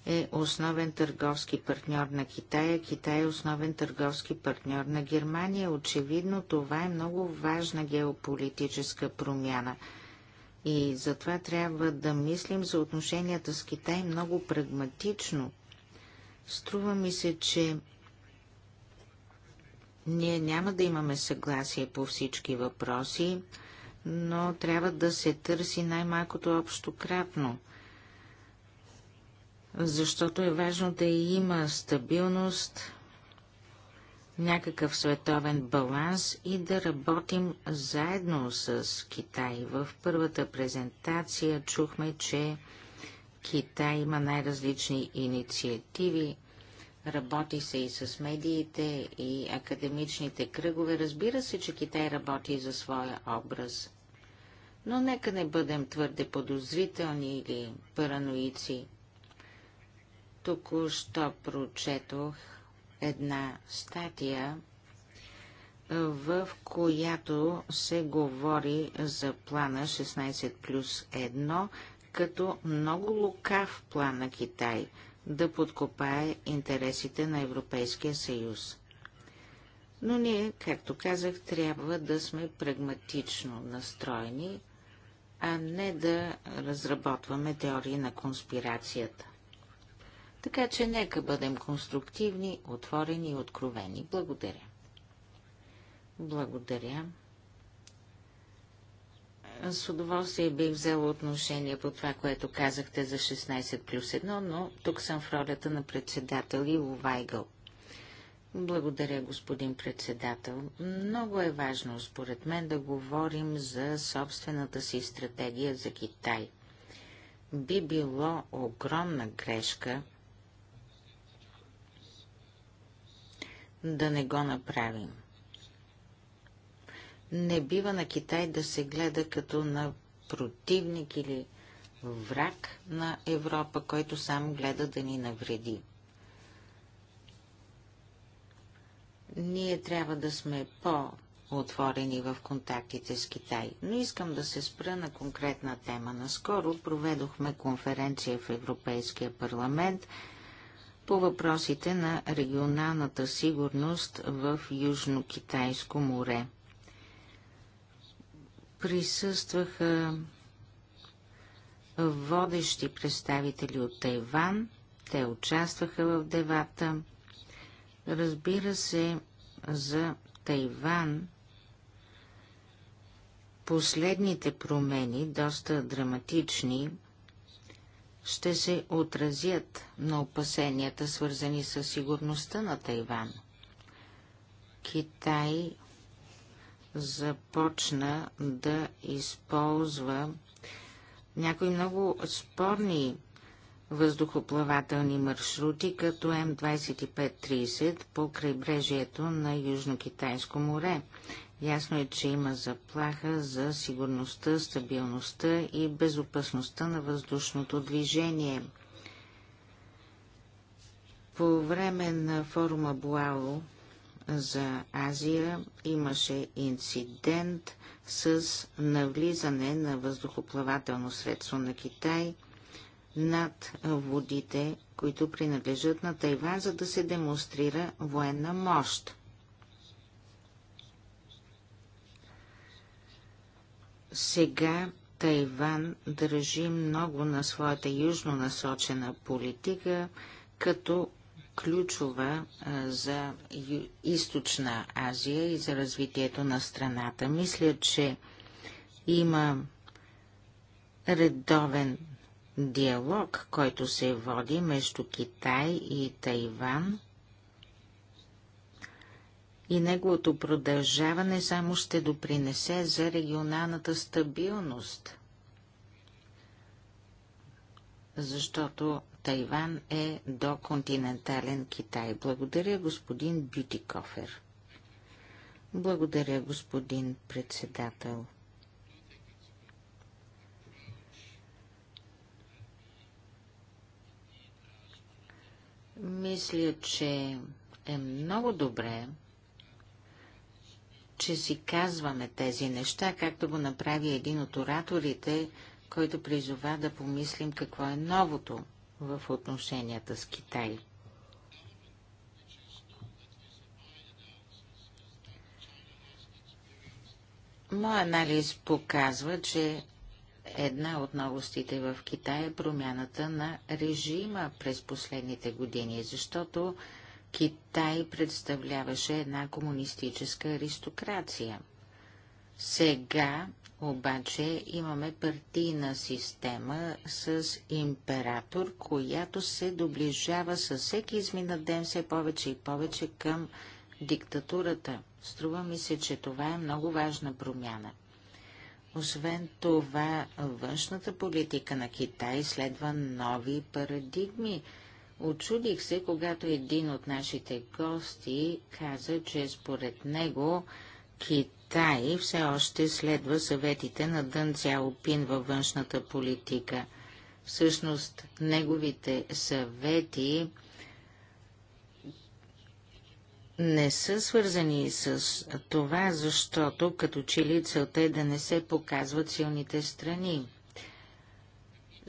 е основен търговски партньор на Китая, Китай е основен търговски партньор на Германия. Очевидно това е много важна геополитическа промяна. И затова трябва да мислим за отношенията с Китай много прагматично. Струва ми се, че ние няма да имаме съгласие по всички въпроси, но трябва да се търси най-малкото общо кратно – защото е важно да има стабилност, някакъв световен баланс и да работим заедно с Китай. В първата презентация чухме, че Китай има най-различни инициативи. Работи се и с медиите, и академичните кръгове. Разбира се, че Китай работи за своя образ. Но нека не бъдем твърде подозрителни или параноици. Току-що прочетох една статия, в която се говори за плана 16 плюс 1 като много лукав план на Китай да подкопае интересите на Европейския съюз. Но ние, както казах, трябва да сме прагматично настроени, а не да разработваме теории на конспирацията. Така че нека бъдем конструктивни, отворени и откровени. Благодаря. Благодаря. С удоволствие бих взела отношение по това, което казахте за 16 плюс 1, но тук съм в ролята на председател и Вайгъл. Благодаря, господин председател. Много е важно, според мен, да говорим за собствената си стратегия за Китай. Би било огромна грешка да не го направим. Не бива на Китай да се гледа като на противник или враг на Европа, който сам гледа да ни навреди. Ние трябва да сме по-отворени в контактите с Китай, но искам да се спра на конкретна тема. Наскоро проведохме конференция в Европейския парламент – по въпросите на регионалната сигурност в Южно-Китайско море. Присъстваха водещи представители от Тайван, те участваха в девата. Разбира се, за Тайван последните промени, доста драматични, ще се отразят на опасенията, свързани с сигурността на Тайван. Китай започна да използва някои много спорни въздухоплавателни маршрути, като М2530 по крайбрежието на Южно-Китайско море Ясно е, че има заплаха за сигурността, стабилността и безопасността на въздушното движение. По време на форума Буало за Азия имаше инцидент с навлизане на въздухоплавателно средство на Китай над водите, които принадлежат на Тайван, за да се демонстрира военна мощ. Сега Тайван държи много на своята южно насочена политика, като ключова за източна Азия и за развитието на страната. Мисля, че има редовен диалог, който се води между Китай и Тайван – и неговото продължаване само ще допринесе за регионалната стабилност. Защото Тайван е до континентален Китай. Благодаря, господин Бютикофер. Благодаря, господин председател. Мисля, че е много добре че си казваме тези неща, както го направи един от ораторите, който призова да помислим какво е новото в отношенията с Китай. Мой анализ показва, че една от новостите в Китай е промяната на режима през последните години, защото Китай представляваше една комунистическа аристокрация. Сега обаче имаме партийна система с император, която се доближава със всеки изминат ден все повече и повече към диктатурата. Струва ми се, че това е много важна промяна. Освен това, външната политика на Китай следва нови парадигми – Очудих се, когато един от нашите гости каза, че според него Китай все още следва съветите на Дън Цяопин във външната политика. Всъщност, неговите съвети не са свързани с това, защото като че ли целта е да не се показват силните страни.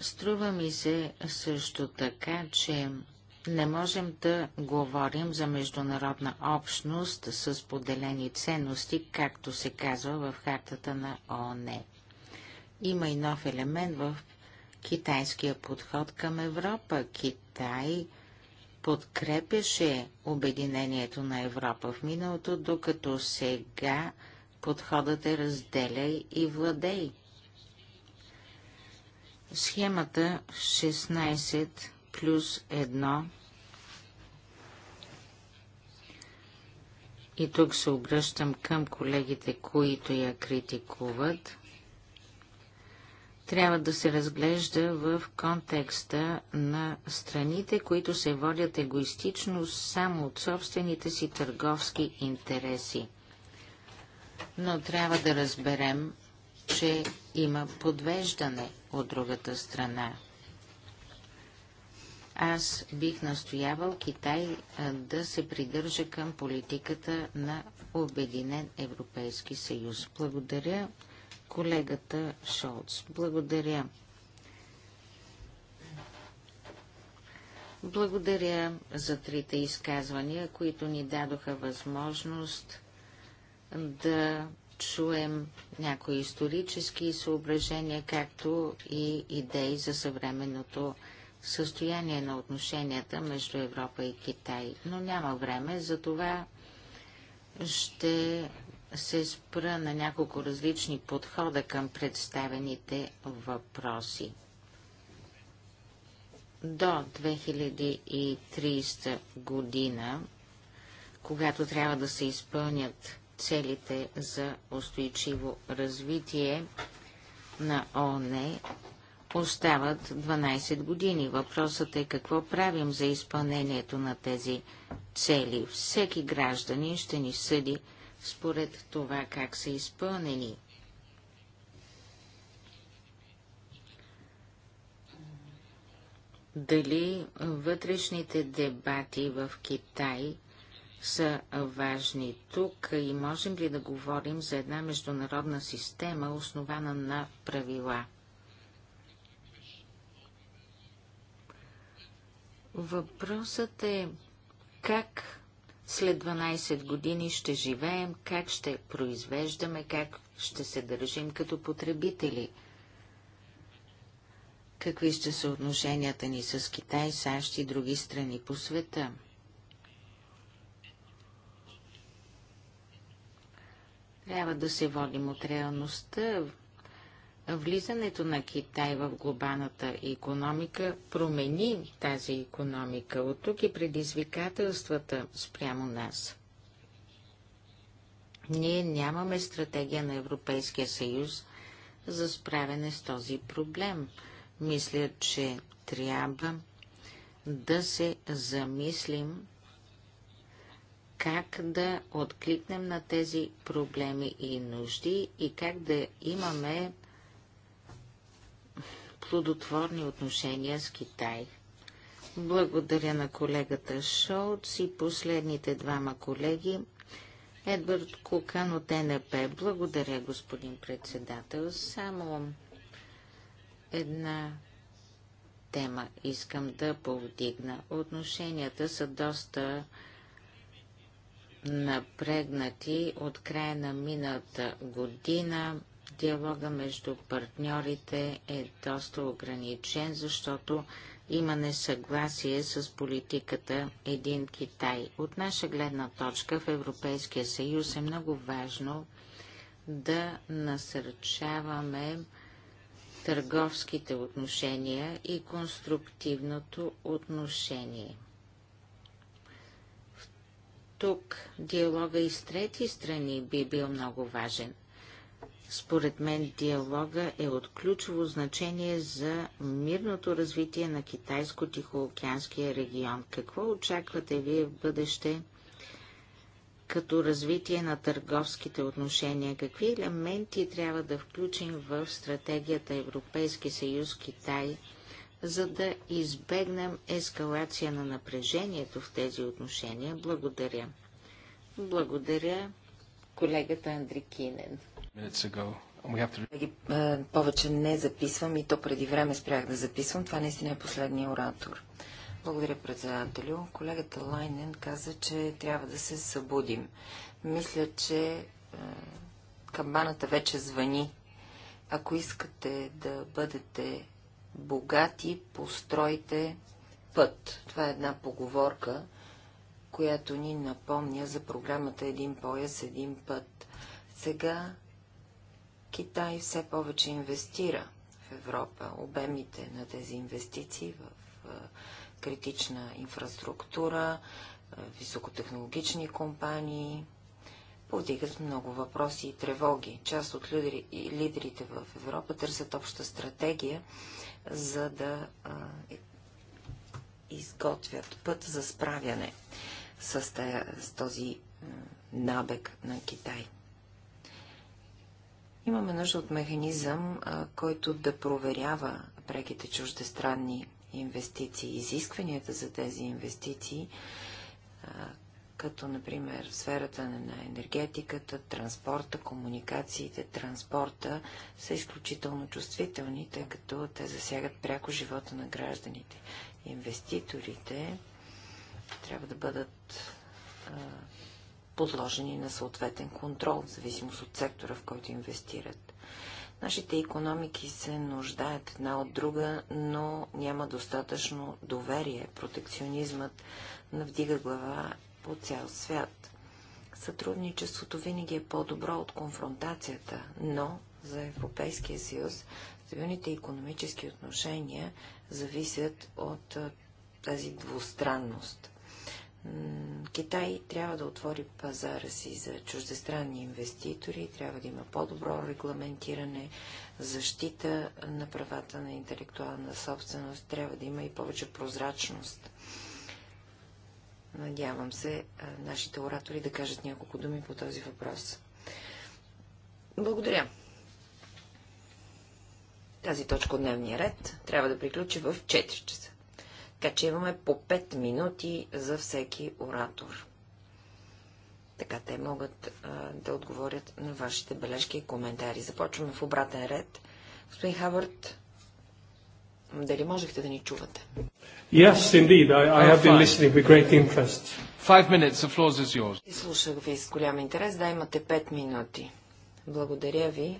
Струва ми се също така, че не можем да говорим за международна общност с поделени ценности, както се казва в хартата на ООН. Има и нов елемент в китайския подход към Европа. Китай подкрепяше обединението на Европа в миналото, докато сега подходът е разделяй и владей. Схемата 16 плюс 1 и тук се обръщам към колегите, които я критикуват, трябва да се разглежда в контекста на страните, които се водят егоистично само от собствените си търговски интереси. Но трябва да разберем, че има подвеждане от другата страна. Аз бих настоявал Китай да се придържа към политиката на Обединен Европейски съюз. Благодаря колегата Шолц. Благодаря. Благодаря за трите изказвания, които ни дадоха възможност да чуем някои исторически съображения, както и идеи за съвременното състояние на отношенията между Европа и Китай. Но няма време, за това ще се спра на няколко различни подхода към представените въпроси. До 2030 година, когато трябва да се изпълнят целите за устойчиво развитие на ООН остават 12 години. Въпросът е какво правим за изпълнението на тези цели. Всеки гражданин ще ни съди според това как са изпълнени. Дали вътрешните дебати в Китай – са важни тук и можем ли да говорим за една международна система, основана на правила? Въпросът е как след 12 години ще живеем, как ще произвеждаме, как ще се държим като потребители. Какви ще са отношенията ни с Китай, САЩ и други страни по света? Трябва да се водим от реалността. Влизането на Китай в глобалната економика промени тази економика. От тук и предизвикателствата спрямо нас. Ние нямаме стратегия на Европейския съюз за справяне с този проблем. Мисля, че трябва да се замислим как да откликнем на тези проблеми и нужди и как да имаме плодотворни отношения с Китай. Благодаря на колегата Шоуц и последните двама колеги. Едвард Кукан от НП. Благодаря, господин председател. Само една тема искам да повдигна. Отношенията са доста напрегнати от края на миналата година. Диалога между партньорите е доста ограничен, защото има несъгласие с политиката Един Китай. От наша гледна точка в Европейския съюз е много важно да насърчаваме търговските отношения и конструктивното отношение – тук диалога и с трети страни би бил много важен. Според мен диалога е от ключово значение за мирното развитие на Китайско-Тихоокеанския регион. Какво очаквате вие в бъдеще като развитие на търговските отношения? Какви елементи трябва да включим в стратегията Европейски съюз Китай за да избегнем ескалация на напрежението в тези отношения. Благодаря. Благодаря колегата Андрикинен. To... Повече не записвам и то преди време спрях да записвам. Това наистина е последния оратор. Благодаря, председателю. Колегата Лайнен каза, че трябва да се събудим. Мисля, че камбаната вече звъни. Ако искате да бъдете богати постройте път. Това е една поговорка, която ни напомня за програмата Един пояс, един път. Сега Китай все повече инвестира в Европа. Обемите на тези инвестиции в критична инфраструктура, високотехнологични компании, повдигат много въпроси и тревоги. Част от лидерите в Европа търсят обща стратегия за да изготвят път за справяне с, тая, с този набег на Китай. Имаме нужда от механизъм, който да проверява преките чуждестранни инвестиции, изискванията за тези инвестиции, като например в сферата на енергетиката, транспорта, комуникациите, транспорта, са изключително чувствителни, тъй като те засягат пряко живота на гражданите. Инвеститорите трябва да бъдат а, подложени на съответен контрол, в зависимост от сектора, в който инвестират. Нашите економики се нуждаят една от друга, но няма достатъчно доверие. Протекционизмът навдига глава по цял свят. Сътрудничеството винаги е по-добро от конфронтацията, но за Европейския съюз стабилните економически отношения зависят от тази двустранност. Китай трябва да отвори пазара си за чуждестранни инвеститори, трябва да има по-добро регламентиране, защита на правата на интелектуална собственост, трябва да има и повече прозрачност. Надявам се нашите оратори да кажат няколко думи по този въпрос. Благодаря. Тази точка от дневния ред трябва да приключи в 4 часа. Така че имаме по 5 минути за всеки оратор. Така те могат а, да отговорят на вашите бележки и коментари. Започваме в обратен ред. Господин Хавард, дали можехте да ни чувате? Yes, indeed. I, I have been listening with great interest. Five minutes, the floor is yours. И слушах ви с голям интерес. Да, имате пет минути. Благодаря ви.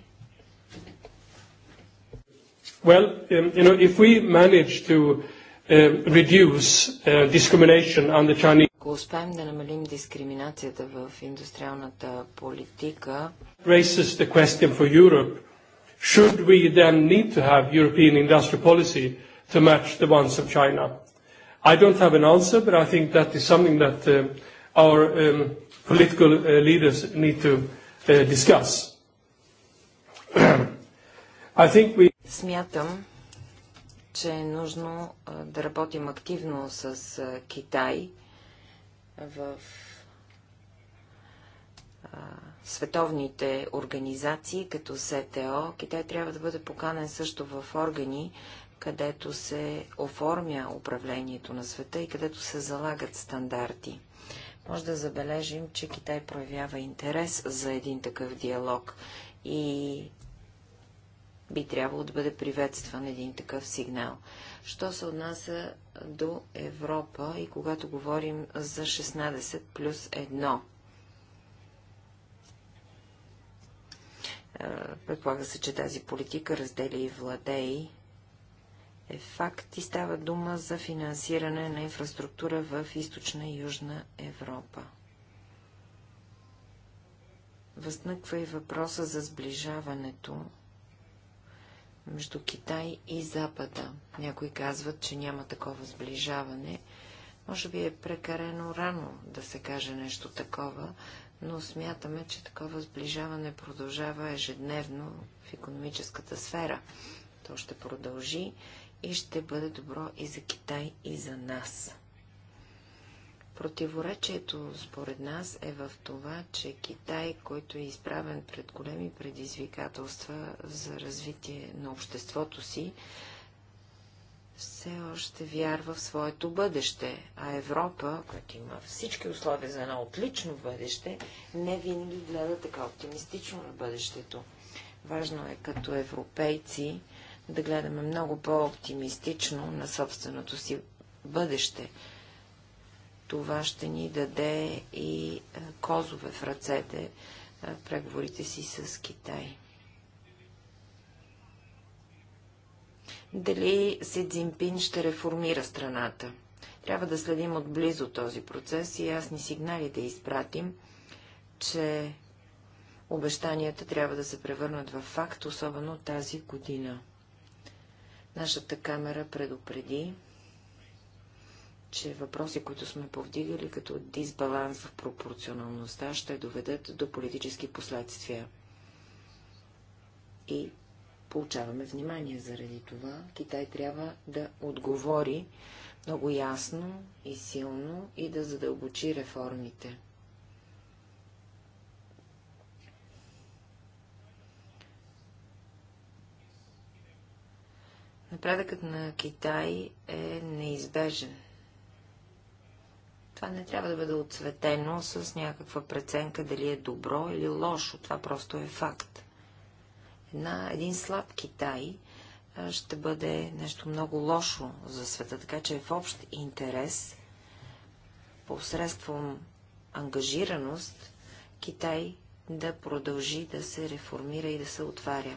Well, you know, if we manage to uh, reduce uh, discrimination on the Chinese. Ако успеем да намалим дискриминацията в индустриалната политика, for Europe Should we then need to have European industrial policy to match the ones of China? I don't have an answer, but I think that is something that uh, our um, political uh, leaders need to uh, discuss. I think we... Смятам, че е нужно да работим активно с Китай в световните организации, като СТО. Китай трябва да бъде поканен също в органи, където се оформя управлението на света и където се залагат стандарти. Може да забележим, че Китай проявява интерес за един такъв диалог и би трябвало да бъде приветстван един такъв сигнал. Що се отнася до Европа и когато говорим за 16 плюс Предполага се, че тази политика раздели и владеи е факт и става дума за финансиране на инфраструктура в източна и южна Европа. Възнъква и въпроса за сближаването между Китай и Запада. Някои казват, че няма такова сближаване. Може би е прекарено рано да се каже нещо такова, но смятаме, че такова сближаване продължава ежедневно в економическата сфера. То ще продължи и ще бъде добро и за Китай, и за нас. Противоречието, според нас, е в това, че Китай, който е изправен пред големи предизвикателства за развитие на обществото си, все още вярва в своето бъдеще, а Европа, която има всички условия за едно отлично бъдеще, не винаги гледа така оптимистично на бъдещето. Важно е като европейци да гледаме много по-оптимистично на собственото си бъдеще. Това ще ни даде и козове в ръцете преговорите си с Китай. дали Си Цзинпин ще реформира страната. Трябва да следим отблизо този процес и ясни сигнали да изпратим, че обещанията трябва да се превърнат в факт, особено тази година. Нашата камера предупреди, че въпроси, които сме повдигали като дисбаланс в пропорционалността, ще доведат до политически последствия и получаваме внимание заради това. Китай трябва да отговори много ясно и силно и да задълбочи реформите. Напредъкът на Китай е неизбежен. Това не трябва да бъде отцветено с някаква преценка дали е добро или лошо. Това просто е факт една, един слаб Китай ще бъде нещо много лошо за света, така че е в общ интерес посредством ангажираност Китай да продължи да се реформира и да се отваря.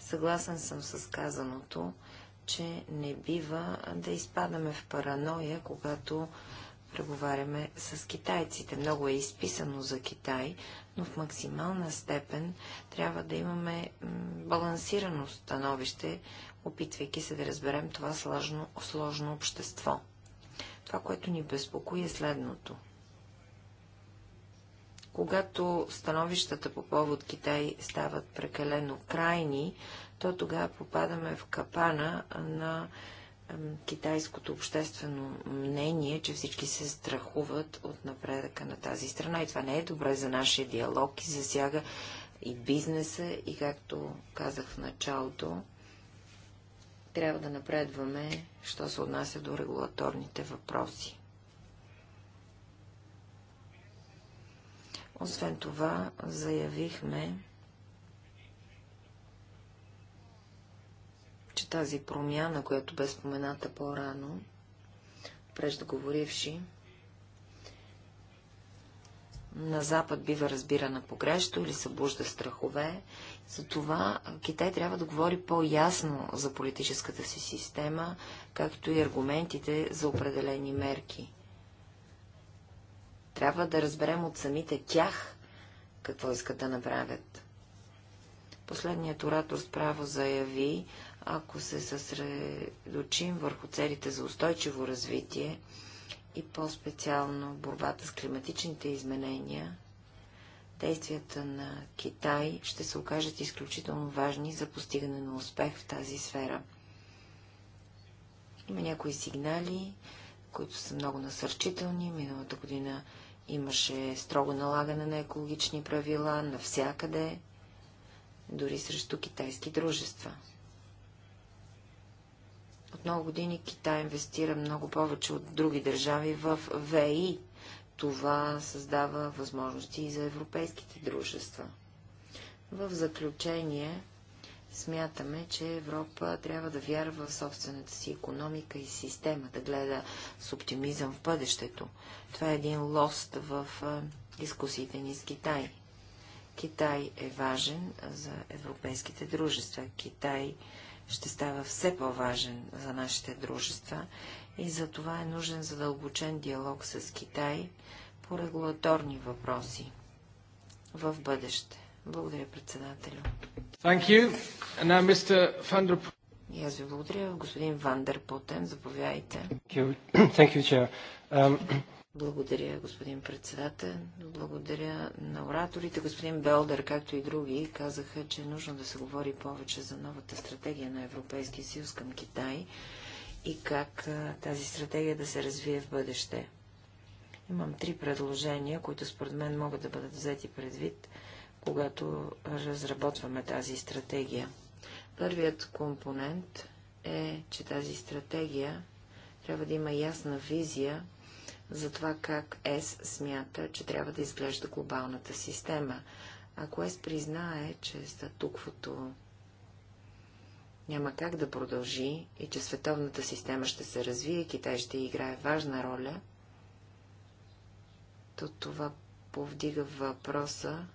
Съгласен съм с казаното, че не бива да изпадаме в параноя, когато преговаряме с китайците. Много е изписано за Китай, но в максимална степен трябва да имаме балансирано становище, опитвайки се да разберем това сложно, сложно общество. Това, което ни безпокои е следното. Когато становищата по повод Китай стават прекалено крайни, то тогава попадаме в капана на китайското обществено мнение, че всички се страхуват от напредъка на тази страна. И това не е добре за нашия диалог и засяга и бизнеса, и както казах в началото, трябва да напредваме, що се отнася до регулаторните въпроси. Освен това, заявихме, че тази промяна, която бе спомената по-рано, преждоговоривши, на Запад бива разбирана погрешно или събужда страхове. Затова Китай трябва да говори по-ясно за политическата си система, както и аргументите за определени мерки. Трябва да разберем от самите тях какво искат да направят. Последният оратор справо заяви, ако се съсредочим върху целите за устойчиво развитие и по-специално борбата с климатичните изменения, действията на Китай ще се окажат изключително важни за постигане на успех в тази сфера. Има някои сигнали, които са много насърчителни. Миналата година имаше строго налагане на екологични правила навсякъде, дори срещу китайски дружества. От много години Китай инвестира много повече от други държави в ВИ. Това създава възможности и за европейските дружества. В заключение, смятаме, че Европа трябва да вярва в собствената си економика и система, да гледа с оптимизъм в бъдещето. Това е един лост в дискусиите ни с Китай. Китай е важен за европейските дружества. Китай ще става все по-важен за нашите дружества и за това е нужен задълбочен диалог с Китай по регулаторни въпроси в бъдеще. Благодаря, председателю. Thank you. And now, Mr. Van der... И аз ви благодаря. Господин Вандер Путен, заповядайте. Thank you. Thank you, Chair. Um... Благодаря, господин председател. Благодаря на ораторите. Господин Белдер, както и други, казаха, че е нужно да се говори повече за новата стратегия на Европейския съюз към Китай и как тази стратегия да се развие в бъдеще. Имам три предложения, които според мен могат да бъдат взети предвид, когато разработваме тази стратегия. Първият компонент е, че тази стратегия трябва да има ясна визия за това как ЕС смята, че трябва да изглежда глобалната система. Ако ЕС признае, че статуквото няма как да продължи и че световната система ще се развие, Китай ще играе важна роля, то това повдига въпроса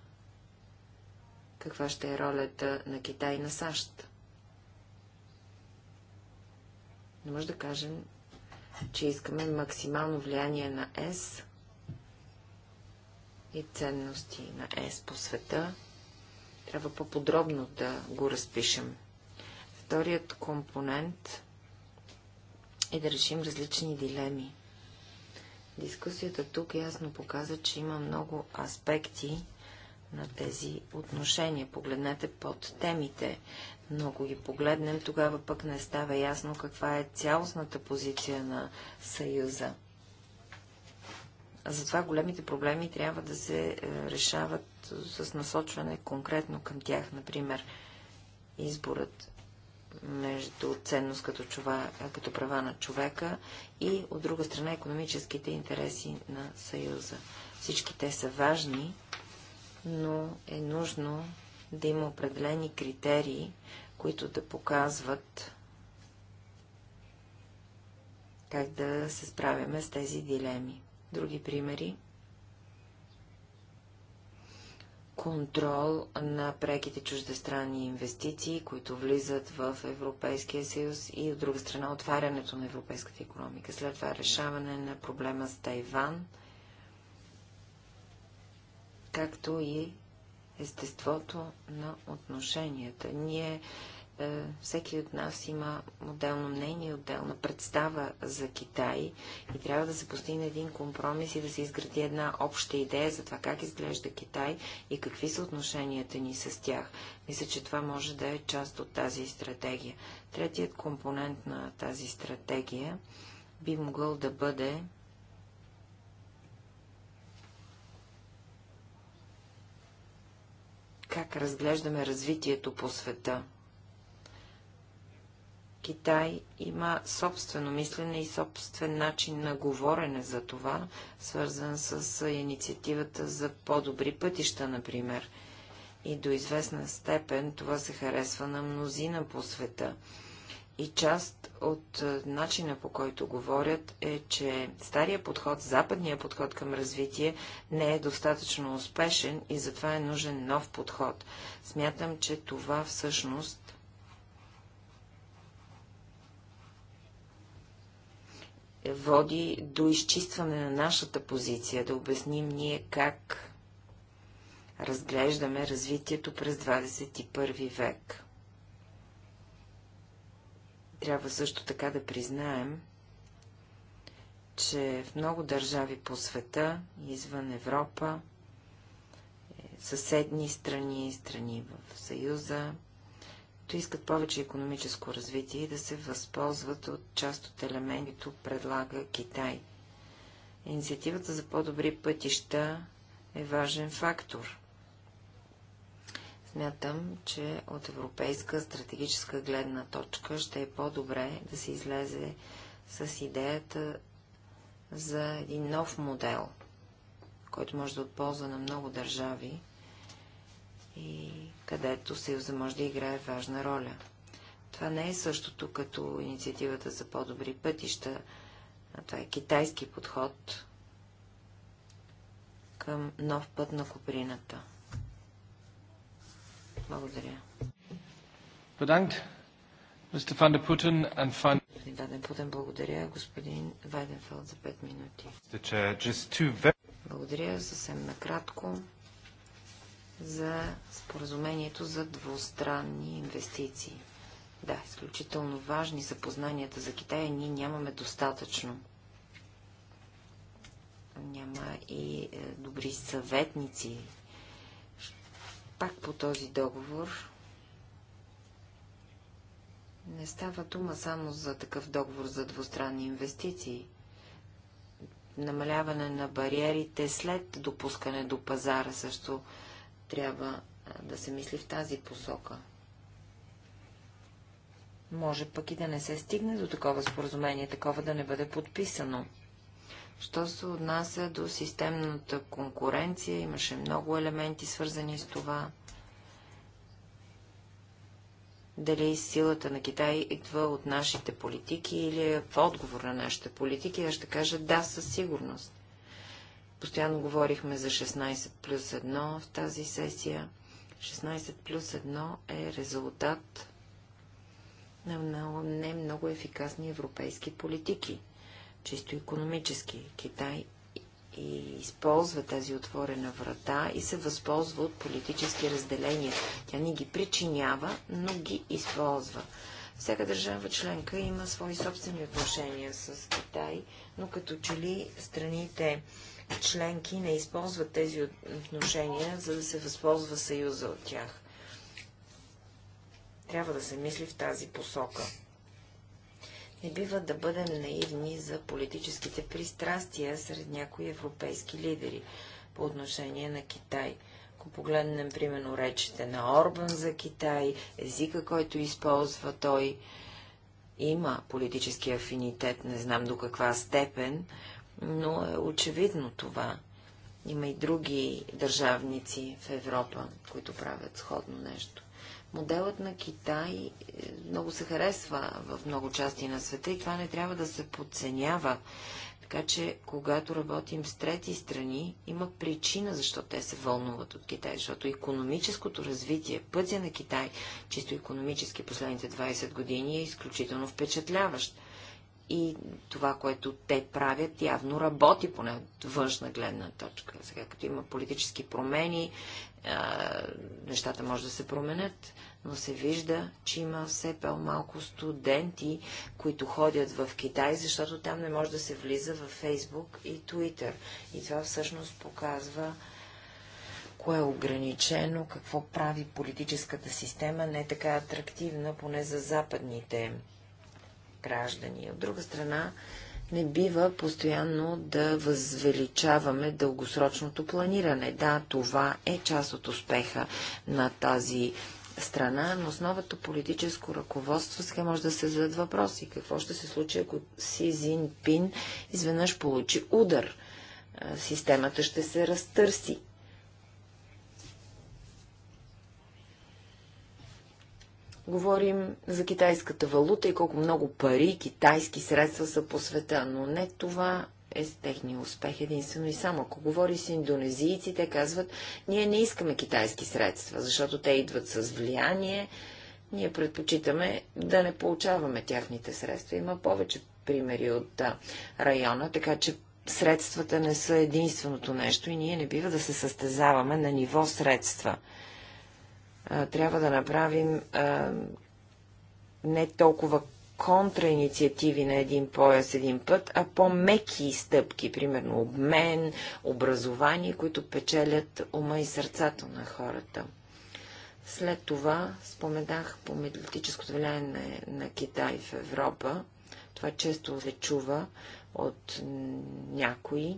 каква ще е ролята на Китай и на САЩ. Не може да кажем, че искаме максимално влияние на С и ценности на ЕС по света. Трябва по-подробно да го разпишем. Вторият компонент е да решим различни дилеми. Дискусията тук ясно показа, че има много аспекти, на тези отношения. Погледнете под темите, но ако ги погледнем, тогава пък не става ясно каква е цялостната позиция на Съюза. Затова големите проблеми трябва да се е, решават с насочване конкретно към тях. Например, изборът между ценност като, чува, като права на човека и, от друга страна, економическите интереси на Съюза. Всички те са важни, но е нужно да има определени критерии, които да показват как да се справяме с тези дилеми. Други примери? Контрол на преките чуждестранни инвестиции, които влизат в Европейския съюз и от друга страна отварянето на европейската економика. След това решаване на проблема с Тайван – както и естеството на отношенията. Ние, е, всеки от нас има отделно мнение, отделна представа за Китай и трябва да се постигне един компромис и да се изгради една обща идея за това как изглежда Китай и какви са отношенията ни с тях. Мисля, че това може да е част от тази стратегия. Третият компонент на тази стратегия би могъл да бъде как разглеждаме развитието по света. Китай има собствено мислене и собствен начин на говорене за това, свързан с инициативата за по-добри пътища, например. И до известна степен това се харесва на мнозина по света. И част от е, начина по който говорят е, че стария подход, западния подход към развитие не е достатъчно успешен и затова е нужен нов подход. Смятам, че това всъщност води до изчистване на нашата позиция, да обясним ние как разглеждаме развитието през 21 век. Трябва също така да признаем, че в много държави по света, извън Европа, е, съседни страни, страни в Съюза, които искат повече економическо развитие и да се възползват от част от елементите, предлага Китай. Инициативата за по-добри пътища е важен фактор. Смятам, че от европейска стратегическа гледна точка ще е по-добре да се излезе с идеята за един нов модел, който може да отползва на много държави и където Съюза може да играе важна роля. Това не е същото като инициативата за по-добри пътища, а това е китайски подход към нов път на Куприната. Благодаря. Bedankt. Mr. Van der Putten and Van... Господин Даден Путен, благодаря. Господин Вайденфелд за 5 минути. Благодаря съвсем накратко за споразумението за двустранни инвестиции. Да, изключително важни са познанията за Китая. Ние нямаме достатъчно. Няма и е, добри съветници пак по този договор. Не става дума само за такъв договор за двустранни инвестиции. Намаляване на бариерите след допускане до пазара също трябва да се мисли в тази посока. Може пък и да не се стигне до такова споразумение, такова да не бъде подписано. Що се отнася до системната конкуренция, имаше много елементи свързани с това. Дали силата на Китай идва от нашите политики или е в отговор на нашите политики, аз ще кажа да, със сигурност. Постоянно говорихме за 16 плюс 1 в тази сесия. 16 плюс 1 е резултат на много, не много ефикасни европейски политики чисто економически. Китай и използва тази отворена врата и се възползва от политически разделения. Тя не ги причинява, но ги използва. Всяка държава членка има свои собствени отношения с Китай, но като че ли страните членки не използват тези отношения, за да се възползва Съюза от тях. Трябва да се мисли в тази посока. Не бива да бъдем наивни за политическите пристрастия сред някои европейски лидери по отношение на Китай. Ако погледнем, примерно, речите на Орбан за Китай, езика, който използва той, има политически афинитет, не знам до каква степен, но е очевидно това. Има и други държавници в Европа, които правят сходно нещо. Моделът на Китай е, много се харесва в много части на света и това не трябва да се подценява. Така че, когато работим с трети страни, има причина защо те се вълнуват от Китай, защото економическото развитие, пътя на Китай, чисто економически последните 20 години е изключително впечатляващ. И това, което те правят, явно работи поне от външна гледна точка. Сега, като има политически промени, а, нещата може да се променят, но се вижда, че има все по-малко студенти, които ходят в Китай, защото там не може да се влиза в Фейсбук и Twitter. И това всъщност показва кое е ограничено, какво прави политическата система не е така атрактивна, поне за западните граждани. От друга страна, не бива постоянно да възвеличаваме дългосрочното планиране. Да, това е част от успеха на тази страна, но с новото политическо ръководство сега може да се зададат въпроси. Какво ще се случи, ако Си Зин Пин изведнъж получи удар? Системата ще се разтърси. Говорим за китайската валута и колко много пари, китайски средства са по света, но не това е с техния успех единствено и само. Ако говори с индонезийци, те казват, ние не искаме китайски средства, защото те идват с влияние, ние предпочитаме да не получаваме тяхните средства. Има повече примери от района, така че средствата не са единственото нещо и ние не бива да се състезаваме на ниво средства трябва да направим не толкова контраинициативи на един пояс един път, а по-меки стъпки, примерно обмен, образование, които печелят ума и сърцата на хората. След това споменах по медиатическото влияние на, на Китай в Европа. Това често се чува от някои.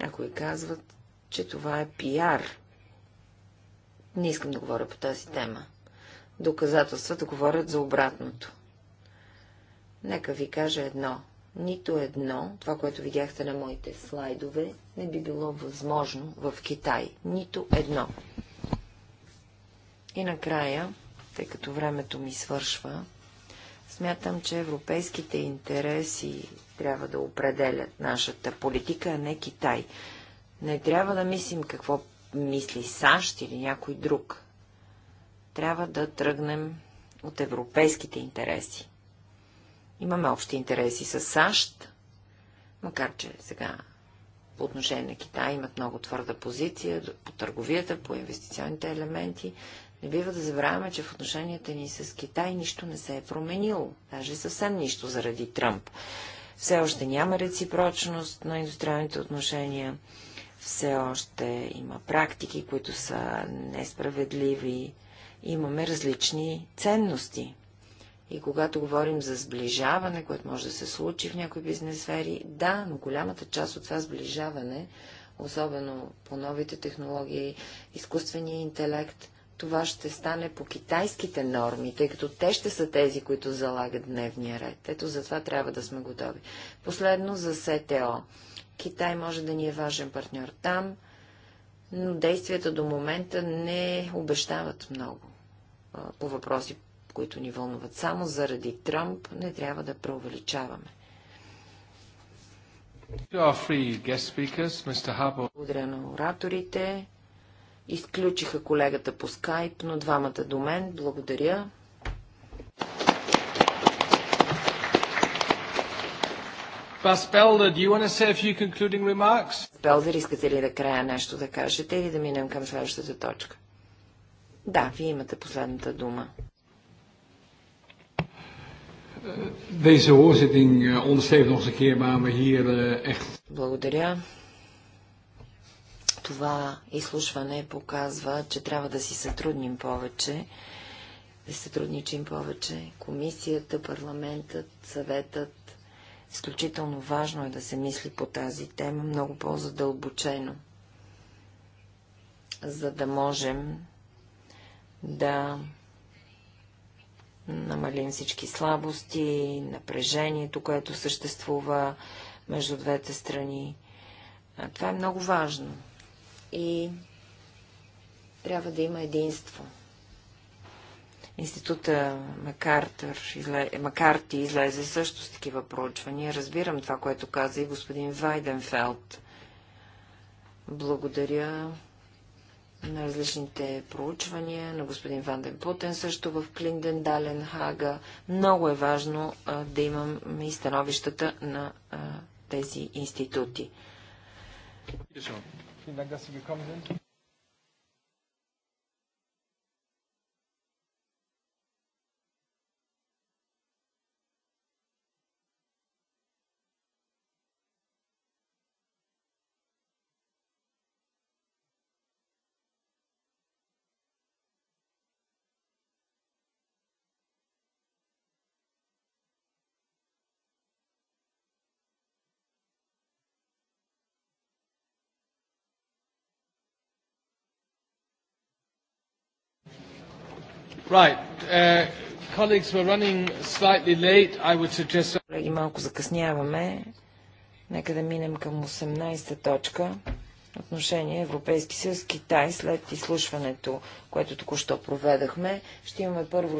Някои казват, че това е пиар. Не искам да говоря по тази тема. Доказателствата говорят за обратното. Нека ви кажа едно. Нито едно, това, което видяхте на моите слайдове, не би било възможно в Китай. Нито едно. И накрая, тъй като времето ми свършва, смятам, че европейските интереси трябва да определят нашата политика, а не Китай. Не трябва да мислим какво мисли САЩ или някой друг. Трябва да тръгнем от европейските интереси. Имаме общи интереси с САЩ, макар че сега по отношение на Китай имат много твърда позиция по търговията, по инвестиционните елементи. Не бива да забравяме, че в отношенията ни с Китай нищо не се е променило, даже съвсем нищо заради Тръмп. Все още няма реципрочност на индустриалните отношения все още има практики, които са несправедливи. Имаме различни ценности. И когато говорим за сближаване, което може да се случи в някои бизнес сфери, да, но голямата част от това сближаване, особено по новите технологии, изкуствения интелект, това ще стане по китайските норми, тъй като те ще са тези, които залагат дневния ред. Ето за това трябва да сме готови. Последно за СТО. Китай може да ни е важен партньор там, но действията до момента не обещават много по въпроси, които ни вълнуват. Само заради Тръмп не трябва да преувеличаваме. Благодаря на ораторите. Изключиха колегата по скайп, но двамата до мен. Благодаря. Белдер, Белдер, искате ли да края нещо да кажете или да минем към следващата точка? Да, вие имате последната дума. Deze hoorzitting eh, onderstreept nog eens een keer waar we hier eh, echt. Благодаря. Това изслушване показва, че трябва да си сътрудним повече, да си сътрудничим повече. Комисията, парламентът, съветът, Изключително важно е да се мисли по тази тема много по-задълбочено, за да можем да намалим всички слабости, напрежението, което съществува между двете страни. А това е много важно. И трябва да има единство. Института Макартър, изле... Макарти излезе също с такива проучвания. Разбирам това, което каза и господин Вайденфелд. Благодаря на различните проучвания, на господин Ван Ден Путен също в Клинден, Дален, Хага. Много е важно а, да имам и становищата на а, тези институти. Right. Uh, colleagues, we're running slightly late. I would suggest... Колеги, малко закъсняваме. Нека да минем към 18-та точка. Отношение Европейски съюз Китай след изслушването, което току-що проведахме. Ще имаме първо